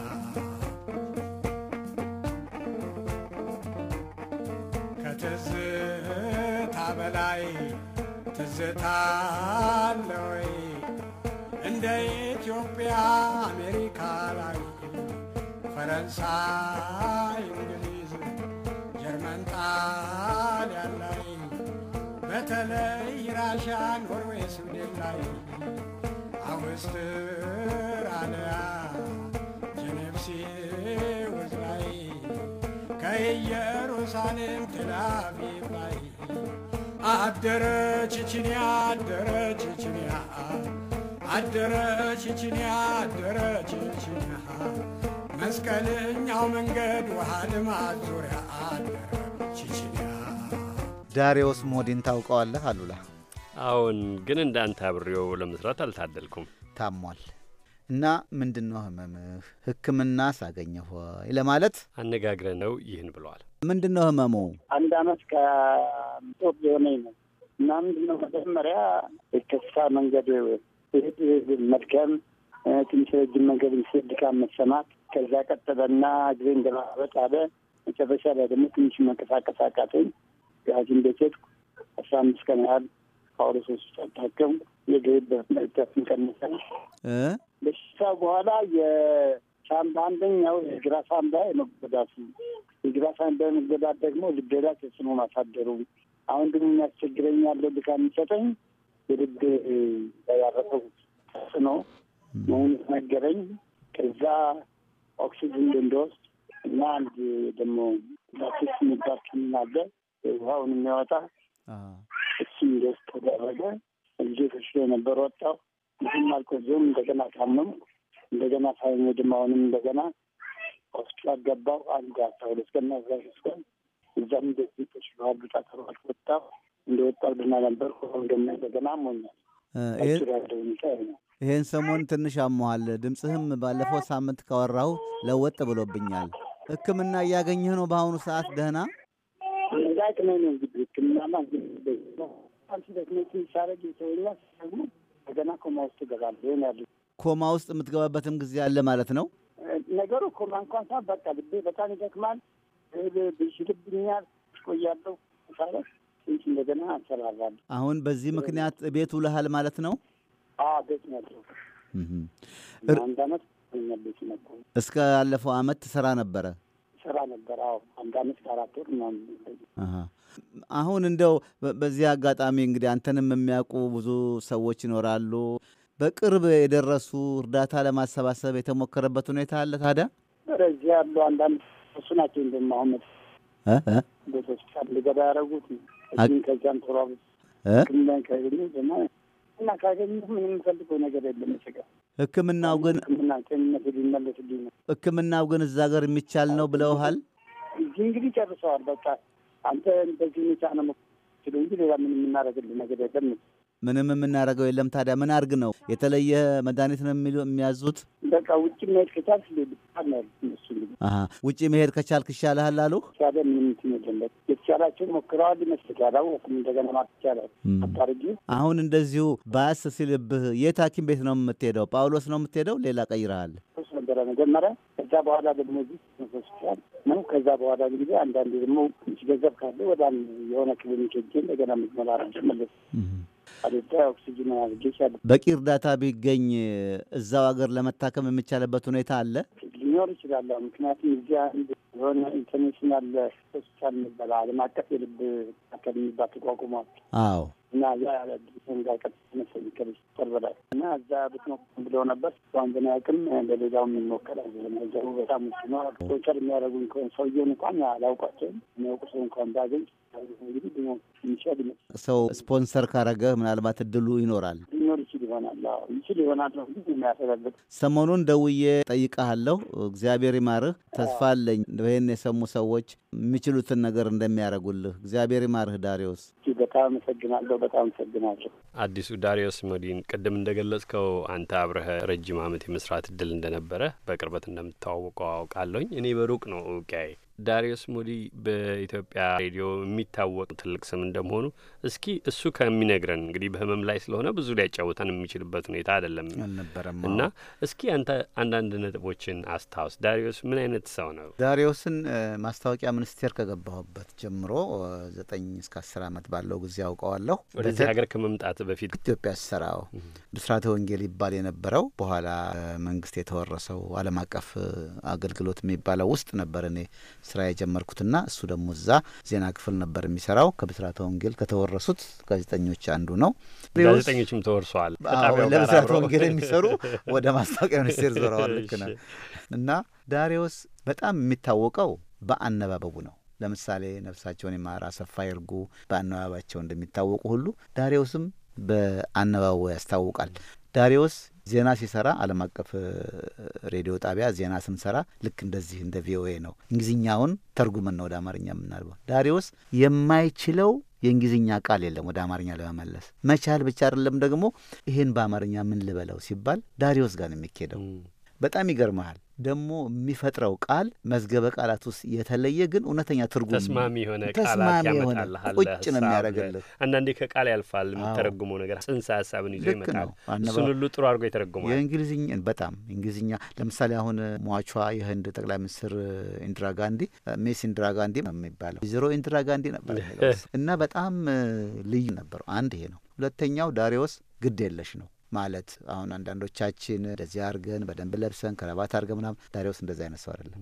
ከትዝታ በላይ ትዝታ አለ ወይ እንደ ኢትዮጵያ አሜሪካ ላይ ፈረንሳይ እንግሊዝ ጀርመን ጣ በተለይ ራሻ፣ ኖርዌይ፣ ስዊድን ላይ አውስትራሊያ፣ ጄኔቭ፣ ሲውዝ ላይ ከኢየሩሳሌም ቴልአቪቭ ላይ አደረች ቺችንያ አደረች ቺችንያ አደረ ቺችንያ አደረች ቺችንያ መስቀለኛው መንገድ ውሃ ልማት ዙሪያ አደረች ቺችንያ ዳሪዎስ ሞዲን ታውቀዋለህ አሉላ? አሁን ግን እንዳንተ አብሬው ለመስራት አልታደልኩም። ታሟል እና ምንድን ነው ህመምህ? ህክምና ሳገኘ ሆይ ለማለት አነጋግረ ነው ይህን ብለዋል። ምንድን ነው ህመሙ? አንድ አመት ከጦር የሆነኝ ነው እና ምንድን ነው መጀመሪያ የተስፋ መንገድ መድከም፣ ትንሽ ረጅም መንገድ ምስል ድካም መሰማት፣ ከዛ ቀጠበና ጊዜ እንደማበጥ አለ። መጨረሻ ላይ ደግሞ ትንሽ መንቀሳቀስ አቃተኝ። የሐኪም ቤት ሄድኩ። አስራ አምስት ቀን ያህል ጳውሎስ ሆስፒታል ታከምኩ። የግብ መታትን ቀነሰ በሽታ በኋላ የሳምባ አንደኛው የግራ ሳምባ የመጎዳቱ የግራ ሳምባ የመጎዳት ደግሞ ልቤላ ተጽዕኖ ማሳደሩ አሁን ግን የሚያስቸግረኝ ያለው ድካም የሚሰጠኝ የልብ ያረፈው ተጽዕኖ መሆኑ ተነገረኝ። ከዛ ኦክሲጅን እንደወስድ እና አንድ ደግሞ ዳሴስ የሚባል ክምናለ ውሃውን የሚያወጣ እሱ እንደስ ተደረገ። እጅ ላይ ነበር ወጣው ብዙም አልቆየሁም። እንደገና ታመሙ። እንደገና ሳይኝ ድም እንደገና ሆስፒታል ገባው። አንድ አስራ ሁለት ቀን እዛ ስቀን እዛም ደሴቶች ባህዱጣ ተባል ወጣው እንደወጣው ድና ነበር። ሆኖም ደግሞ እንደገና ሞኛል። ይህን ሰሞን ትንሽ አሞሃል። ድምፅህም ባለፈው ሳምንት ካወራሁ ለወጥ ብሎብኛል። ሕክምና እያገኘህ ነው በአሁኑ ሰዓት? ደህና ተላቅመ ነው ነው እንግዲህ ሕክምናማ ሲሳረግ ሰውላ ሲሰሙ እንደገና ኮማ ውስጥ ይገባል። ይሆን ያሉ ኮማ ውስጥ የምትገባበትም ጊዜ አለ ማለት ነው። ነገሩ ኮማ እንኳን ሳ በቃ ልቤ በጣም ይደክማል፣ ይሽልብኛል፣ ቆያለሁ ሳረግ እንጂ እንደገና አንሰራራለሁ። አሁን በዚህ ምክንያት ቤት ውለሃል ማለት ነው። ቤት ነበር አንድ አመት ቤት እስከ ያለፈው አመት ትሰራ ነበረ ስራ ነበር። አዎ አንድ አመት ከአራት ወር ምናምን። አሁን እንደው በዚህ አጋጣሚ እንግዲህ አንተንም የሚያውቁ ብዙ ሰዎች ይኖራሉ። በቅርብ የደረሱ እርዳታ ለማሰባሰብ የተሞከረበት ሁኔታ አለ ታዲያ? በዚህ ያሉ አንዳንድ እሱ ናቸው እንደማሁመድ ቤት ሆስፒታል ሊገባ ያደረጉት ከዚያም ተሯሩ ህክምና ካገኙ እና ካገኘ ምንም ፈልገው ነገር የለም። ህክምናው ግን ህክምናው ግን እዛ ሀገር የሚቻል ነው ብለውሃል። እዚህ እንግዲህ ጨርሰዋል። በቃ አንተ በዚህ ሁኔታ ነው እንጂ ሌላ ምን የምናደርግልህ ነገር የለም። ምንም የምናደርገው የለም። ታዲያ ምን አድርግ ነው? የተለየ መድኃኒት ነው የሚያዙት? በቃ ውጭ መሄድ ከቻልክ ውጭ መሄድ ከቻልክ ይሻልሃል አሉ። ምንም የተቻላቸው ሞክረዋል እንደገና አታርጊ። አሁን እንደዚሁ ባስ ሲልብህ የት ሐኪም ቤት ነው የምትሄደው? ጳውሎስ ነው የምትሄደው? ሌላ ቀይረሃል ነበረ መጀመሪያ። ከዛ በኋላ ደግሞ እዚህ ሆስፒታል ነው። ከዛ በኋላ እንግዲህ አንዳንዴ ደግሞ ገንዘብ ካለ ወደ የሆነ ክሊኒክ ሄጄ እንደገና በቂ እርዳታ ቢገኝ እዛው ሀገር ለመታከም የሚቻልበት ሁኔታ አለ ሊኖር ይችላል። ምክንያቱም እዚያ የሆነ ኢንተርናሽናል ሆስፒታል የሚባል ዓለም አቀፍ የልብ ማከል የሚባል ተቋቁሟል። አዎ እና እዛ ጋቀት መሰሚከል ይቀርበላል እና እዛ ብትሞክር ብለው ነበር። ዋንዘን ብናያቅም በሌላው ይሞከራል። ነገሩ በጣም ቶቸር የሚያደርጉኝ ከሆነ ሰውየውን እንኳን አላውቋቸውም የሚያውቁ ሰው እንኳን ባገኝ ሰው ስፖንሰር ካረገ ምናልባት እድሉ ይኖራል። ሊኖር ይችል ይሆናል ይችል ይሆናል ነው ግን የሚያስተላልቅ ሰሞኑን ደውዬ ጠይቀሃለሁ። እግዚአብሔር ይማርህ። ተስፋ አለኝ ይህን የሰሙ ሰዎች የሚችሉትን ነገር እንደሚያደርጉልህ። እግዚአብሔር ይማርህ ዳሪዎስ። በጣም አመሰግናለሁ። በጣም አመሰግናለሁ። አዲሱ ዳሪዮስ መዲን፣ ቅድም እንደገለጽከው አንተ አብረህ ረጅም ዓመት የመስራት እድል እንደነበረ በቅርበት እንደምታዋወቀው አውቃለሁኝ። እኔ በሩቅ ነው እውቅያዬ። ዳሪዮስ ሞዲ በኢትዮጵያ ሬዲዮ የሚታወቅ ትልቅ ስም እንደመሆኑ እስኪ እሱ ከሚነግረን እንግዲህ በህመም ላይ ስለሆነ ብዙ ሊያጫው ሊጫወተን የሚችልበት ሁኔታ አይደለም አልነበረም። እና እስኪ አንተ አንዳንድ ነጥቦችን አስታውስ። ዳሪዮስ ምን አይነት ሰው ነው? ዳሪዮስን ማስታወቂያ ሚኒስቴር ከገባሁበት ጀምሮ ዘጠኝ እስከ አስር አመት ባለው ጊዜ አውቀዋለሁ። ወደዚህ ሀገር ከመምጣት በፊት ኢትዮጵያ ስሰራው ብስራተ ወንጌል ይባል የነበረው በኋላ መንግስት የተወረሰው ዓለም አቀፍ አገልግሎት የሚባለው ውስጥ ነበር እኔ ስራ የጀመርኩትና እሱ ደግሞ እዛ ዜና ክፍል ነበር የሚሰራው። ከብስራተ ወንጌል ከተወረሱት ጋዜጠኞች አንዱ ነው። ጋዜጠኞችም ተወ ደርሷል። ለመስራት ወንጌል የሚሰሩ ወደ ማስታወቂያ ሚኒስቴር ዞረዋል። ልክ ነህ። እና ዳሪዎስ በጣም የሚታወቀው በአነባበቡ ነው። ለምሳሌ ነፍሳቸውን የማር አሰፋ ይርጉ በአነባባቸው እንደሚታወቁ ሁሉ ዳሪዎስም በአነባበቡ ያስታውቃል። ዳሪዎስ ዜና ሲሰራ ዓለም አቀፍ ሬዲዮ ጣቢያ ዜና ስንሰራ ልክ እንደዚህ እንደ ቪኦኤ ነው። እንግሊዝኛውን ተርጉመን ነው ወደ አማርኛ የምናልበው። ዳሪዎስ የማይችለው የእንግሊዝኛ ቃል የለም ወደ አማርኛ ለመመለስ መቻል ብቻ አይደለም ደግሞ ይህን በአማርኛ ምን ልበለው ሲባል ዳሪዎስ ጋር ነው የሚኬደው በጣም ይገርመሃል። ደግሞ የሚፈጥረው ቃል መዝገበ ቃላት ውስጥ የተለየ ግን እውነተኛ ትርጉም ተስማሚ የሆነ ቃላት ያመጣልሃል። ቁጭ ነው የሚያደርግልህ። አንዳንዴ ከቃል ያልፋል የሚተረጉመው ነገር ጽንሰ ሀሳብን ይዞ ይመጣል። እሱን ሁሉ ጥሩ አድርጎ የተረጉመዋል። የእንግሊዝኛ በጣም እንግሊዝኛ ለምሳሌ አሁን ሟቿ የህንድ ጠቅላይ ሚኒስትር ኢንዲራ ጋንዲ ሚስ ኢንዲራ ጋንዲ ነው የሚባለው ዜሮ ኢንዲራ ጋንዲ ነበር እና በጣም ልዩ ነበረው። አንድ ይሄ ነው። ሁለተኛው ዳሪዎስ ግድ የለሽ ነው። ማለት አሁን አንዳንዶቻችን እንደዚህ አርገን በደንብ ለብሰን ከረባት አርገን ምናምን ዳሪዎስ እንደዚ አይነት ሰው አይደለም።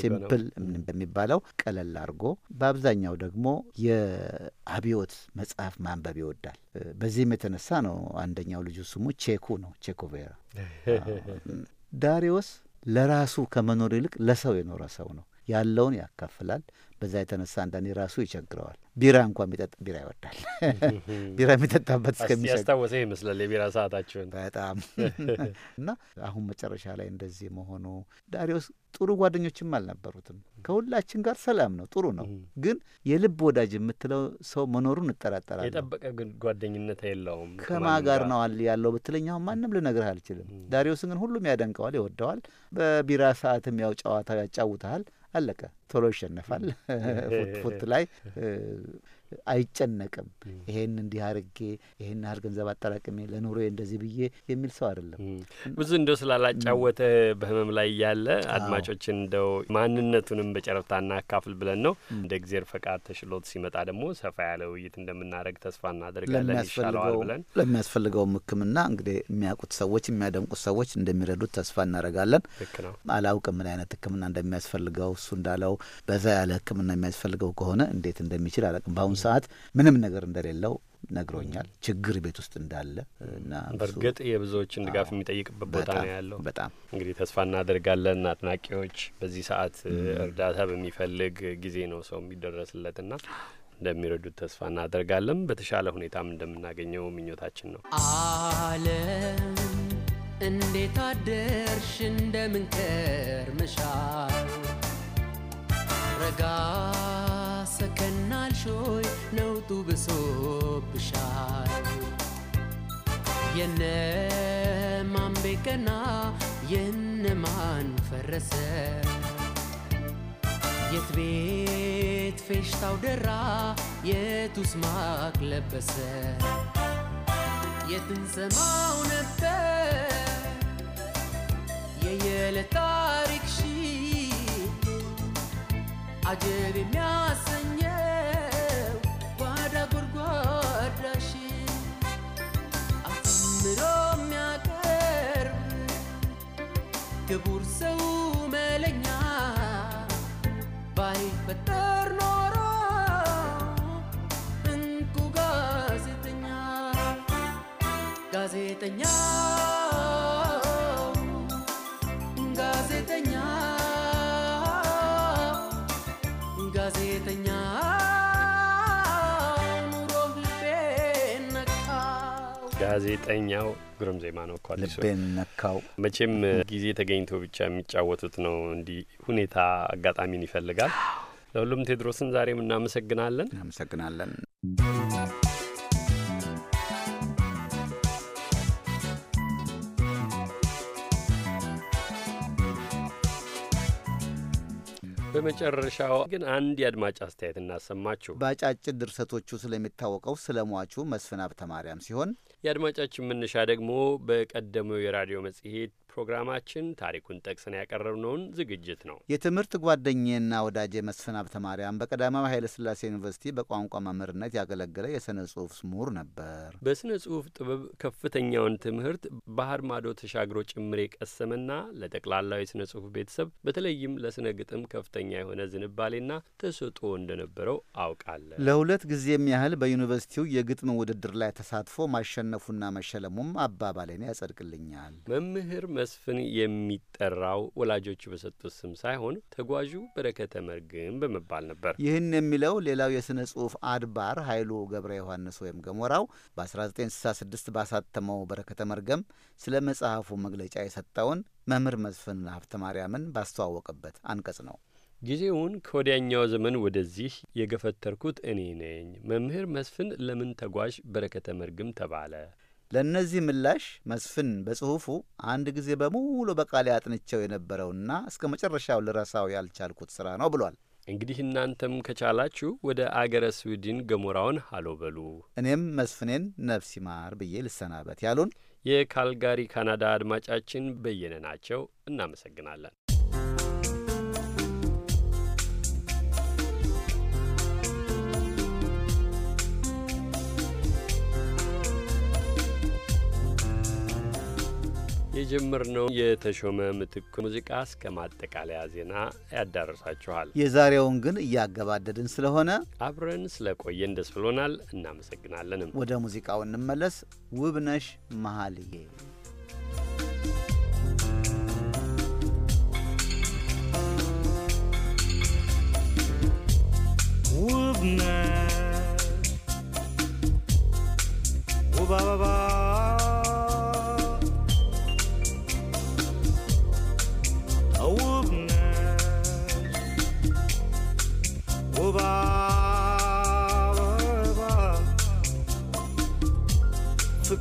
ሲምፕል በሚባለው ቀለል አድርጎ በአብዛኛው ደግሞ የአብዮት መጽሐፍ ማንበብ ይወዳል። በዚህም የተነሳ ነው አንደኛው ልጁ ስሙ ቼኩ ነው፣ ቼኩቬራ። ዳሪዎስ ለራሱ ከመኖር ይልቅ ለሰው የኖረ ሰው ነው። ያለውን ያካፍላል። በዛ የተነሳ አንዳንዴ ራሱ ይቸግረዋል። ቢራ እንኳ የሚጠጣ ቢራ ይወዳል። ቢራ የሚጠጣበት እስከሚያስታወሰ ይመስላል የቢራ ሰዓታችሁን በጣም እና አሁን መጨረሻ ላይ እንደዚህ መሆኑ ዳሪዎስ ጥሩ ጓደኞችም አልነበሩትም። ከሁላችን ጋር ሰላም ነው፣ ጥሩ ነው። ግን የልብ ወዳጅ የምትለው ሰው መኖሩን እጠራጠራለሁ። የጠበቀ ጓደኝነት የለውም። ከማ ጋር ነው ያለው ብትለኝ ማንም ልነግርህ አልችልም። ዳሪዎስን ግን ሁሉም ያደንቀዋል፣ ይወደዋል። በቢራ ሰዓትም ያው ጨዋታው አለቀ። ቶሎ ይሸነፋል። ፉት ፉት ላይ አይጨነቅም። ይሄን እንዲህ አርጌ ይሄን ያህል ገንዘብ አጠራቅሜ ለኑሮ እንደዚህ ብዬ የሚል ሰው አይደለም። ብዙ እንደው ስላላጫወተ በህመም ላይ እያለ አድማጮችን እንደው ማንነቱንም በጨረፍታ እናካፍል ብለን ነው። እንደ እግዜር ፈቃድ ተሽሎት ሲመጣ ደግሞ ሰፋ ያለ ውይይት እንደምናደርግ ተስፋ እናደርጋለን። ይሻለዋል ብለን ለሚያስፈልገውም ሕክምና እንግዲህ የሚያውቁት ሰዎች የሚያደምቁት ሰዎች እንደሚረዱት ተስፋ እናደርጋለን። ልክ ነው። አላውቅም ምን አይነት ሕክምና እንደሚያስፈልገው እሱ እንዳለው በዛ ያለ ሕክምና የሚያስፈልገው ከሆነ እንዴት እንደሚችል አላውቅም በአሁኑ ሰዓት ምንም ነገር እንደሌለው ነግሮኛል። ችግር ቤት ውስጥ እንዳለ እና በእርግጥ የብዙዎችን ድጋፍ የሚጠይቅበት ቦታ ነው ያለው። በጣም እንግዲህ ተስፋ እናደርጋለን አድናቂዎች በዚህ ሰዓት እርዳታ በሚፈልግ ጊዜ ነው ሰው የሚደረስለት ና እንደሚረዱት ተስፋ እናደርጋለን። በተሻለ ሁኔታም እንደምናገኘው ምኞታችን ነው። ዓለም እንዴት አደርሽ? እንደምንከር ረጋ ሰከናል ሾይ ነውጡ ብሶ ብሻል የነማን የነ ማን ፈረሰ የት ቤት ፌሽታው ደራ የቱስማክ ለበሰ የትንሰማው ነበር የየለታ አጀብ የሚያሰኘው ጓዳ ጎድጓዳሽ አስምሮ የሚያቀርብ ክቡር ሰው መለኛ ባይፈጠር ኖሮ እንቁ ጋዜጠኛ ጋዜጠኛ ጋዜጠኛው ግሩም ዜማ ነው እኮ ልቤን ነካው። መቼም ጊዜ ተገኝቶ ብቻ የሚጫወቱት ነው። እንዲህ ሁኔታ አጋጣሚን ይፈልጋል። ለሁሉም ቴድሮስን ዛሬም እናመሰግናለን። እናመሰግናለን። በመጨረሻው ግን አንድ የአድማጭ አስተያየት እናሰማችሁ። በአጫጭር ድርሰቶቹ ስለሚታወቀው ስለ ሟቹ መስፍን ሀብተማርያም ሲሆን የአድማጫችን መነሻ ደግሞ በቀደመው የራዲዮ መጽሔት ፕሮግራማችን ታሪኩን ጠቅሰን ያቀረብነውን ዝግጅት ነው። የትምህርት ጓደኛና ወዳጄ መስፍን ሀብተ ማርያም በቀዳማዊ ኃይለሥላሴ ዩኒቨርሲቲ በቋንቋ መምህርነት ያገለገለ የሥነ ጽሑፍ ምሁር ነበር። በሥነ ጽሑፍ ጥበብ ከፍተኛውን ትምህርት ባህር ማዶ ተሻግሮ ጭምር የቀሰመና ለጠቅላላው የሥነ ጽሑፍ ቤተሰብ በተለይም ለሥነ ግጥም ከፍተኛ የሆነ ዝንባሌና ተሰጥኦ እንደነበረው አውቃለሁ። ለሁለት ጊዜም ያህል በዩኒቨርሲቲው የግጥም ውድድር ላይ ተሳትፎ ማሸነፉና መሸለሙም አባባሌን ያጸድቅልኛል። መምህር መስፍን የሚጠራው ወላጆቹ በሰጡት ስም ሳይሆን ተጓዡ በረከተ መርግም በመባል ነበር። ይህን የሚለው ሌላው የሥነ ጽሑፍ አድባር ኃይሉ ገብረ ዮሐንስ ወይም ገሞራው በ1966 ባሳተመው በረከተ መርገም ስለ መጽሐፉ መግለጫ የሰጠውን መምህር መስፍን ሀብተ ማርያምን ባስተዋወቀበት አንቀጽ ነው። ጊዜውን ከወዲያኛው ዘመን ወደዚህ የገፈተርኩት እኔ ነኝ። መምህር መስፍን ለምን ተጓዥ በረከተ መርግም ተባለ? ለእነዚህ ምላሽ መስፍን በጽሑፉ አንድ ጊዜ በሙሉ በቃሌ አጥንቸው የነበረውና እስከ መጨረሻው ልረሳው ያልቻልኩት ስራ ነው ብሏል። እንግዲህ እናንተም ከቻላችሁ ወደ አገረ ስዊድን ገሞራውን ሀሎ በሉ። እኔም መስፍኔን ነፍስ ይማር ብዬ ልሰናበት ያሉን የካልጋሪ ካናዳ አድማጫችን በየነ ናቸው። እናመሰግናለን። የጀመርነው የተሾመ ምትኩ ሙዚቃ እስከ ማጠቃለያ ዜና ያዳርሳችኋል። የዛሬውን ግን እያገባደድን ስለሆነ አብረን ስለቆየን ደስ ብሎናል። እናመሰግናለንም። ወደ ሙዚቃው እንመለስ። ውብነሽ መሀልዬ ውብነ ውባባባ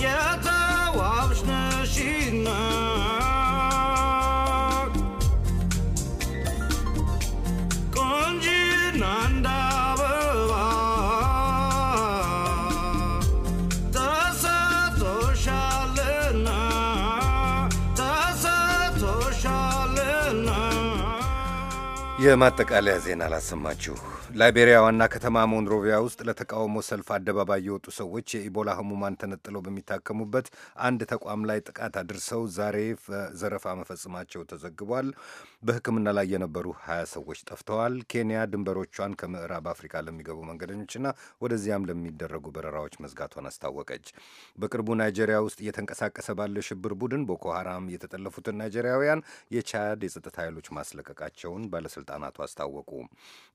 Ya የማጠቃለያ ዜና አላሰማችሁ። ላይቤሪያ ዋና ከተማ ሞንሮቪያ ውስጥ ለተቃውሞ ሰልፍ አደባባይ የወጡ ሰዎች የኢቦላ ህሙማን ተነጥለው በሚታከሙበት አንድ ተቋም ላይ ጥቃት አድርሰው ዛሬ ዘረፋ መፈጸማቸው ተዘግቧል። በሕክምና ላይ የነበሩ 20 ሰዎች ጠፍተዋል። ኬንያ ድንበሮቿን ከምዕራብ አፍሪካ ለሚገቡ መንገደኞችና ወደዚያም ለሚደረጉ በረራዎች መዝጋቷን አስታወቀች። በቅርቡ ናይጄሪያ ውስጥ እየተንቀሳቀሰ ባለ ሽብር ቡድን ቦኮ ሀራም የተጠለፉትን ናይጄሪያውያን የቻድ የጸጥታ ኃይሎች ማስለቀቃቸውን ባለስልጣናቱ አስታወቁ።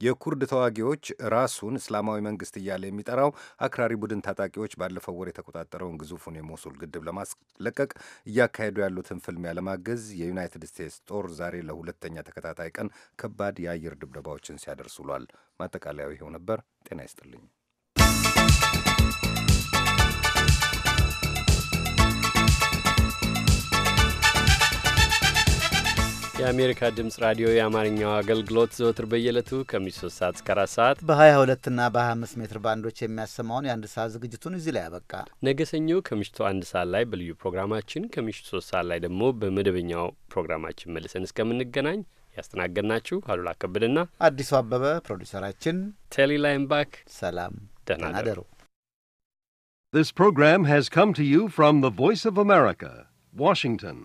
የኩርድ ተዋጊዎች ራሱን እስላማዊ መንግስት እያለ የሚጠራው አክራሪ ቡድን ታጣቂዎች ባለፈው ወር የተቆጣጠረውን ግዙፉን የሞሱል ግድብ ለማስለቀቅ እያካሄዱ ያሉትን ፍልሚያ ለማገዝ የዩናይትድ ስቴትስ ጦር ዛሬ ለሁለት ሁለተኛ ተከታታይ ቀን ከባድ የአየር ድብደባዎችን ሲያደርስ ውሏል። ማጠቃለያው ይኸው ነበር። ጤና ይስጥልኝ። የአሜሪካ ድምፅ ራዲዮ የአማርኛው አገልግሎት ዘወትር በየዕለቱ ከምሽቱ 3 ሰዓት እስከ 4 ሰዓት በ22 እና በ25 ሜትር ባንዶች የሚያሰማውን የአንድ ሰዓት ዝግጅቱን እዚህ ላይ ያበቃ። ነገ ሰኞ ከምሽቱ አንድ ሰዓት ላይ በልዩ ፕሮግራማችን፣ ከምሽቱ 3 ሰዓት ላይ ደግሞ በመደበኛው ፕሮግራማችን መልሰን እስከምንገናኝ ያስተናገድናችሁ አሉላ ከበደና አዲሱ አበበ ፕሮዲሰራችን ቴሊ ላይምባክ ሰላም፣ ደህና ደሩ። This program has come to you from the Voice of America, Washington.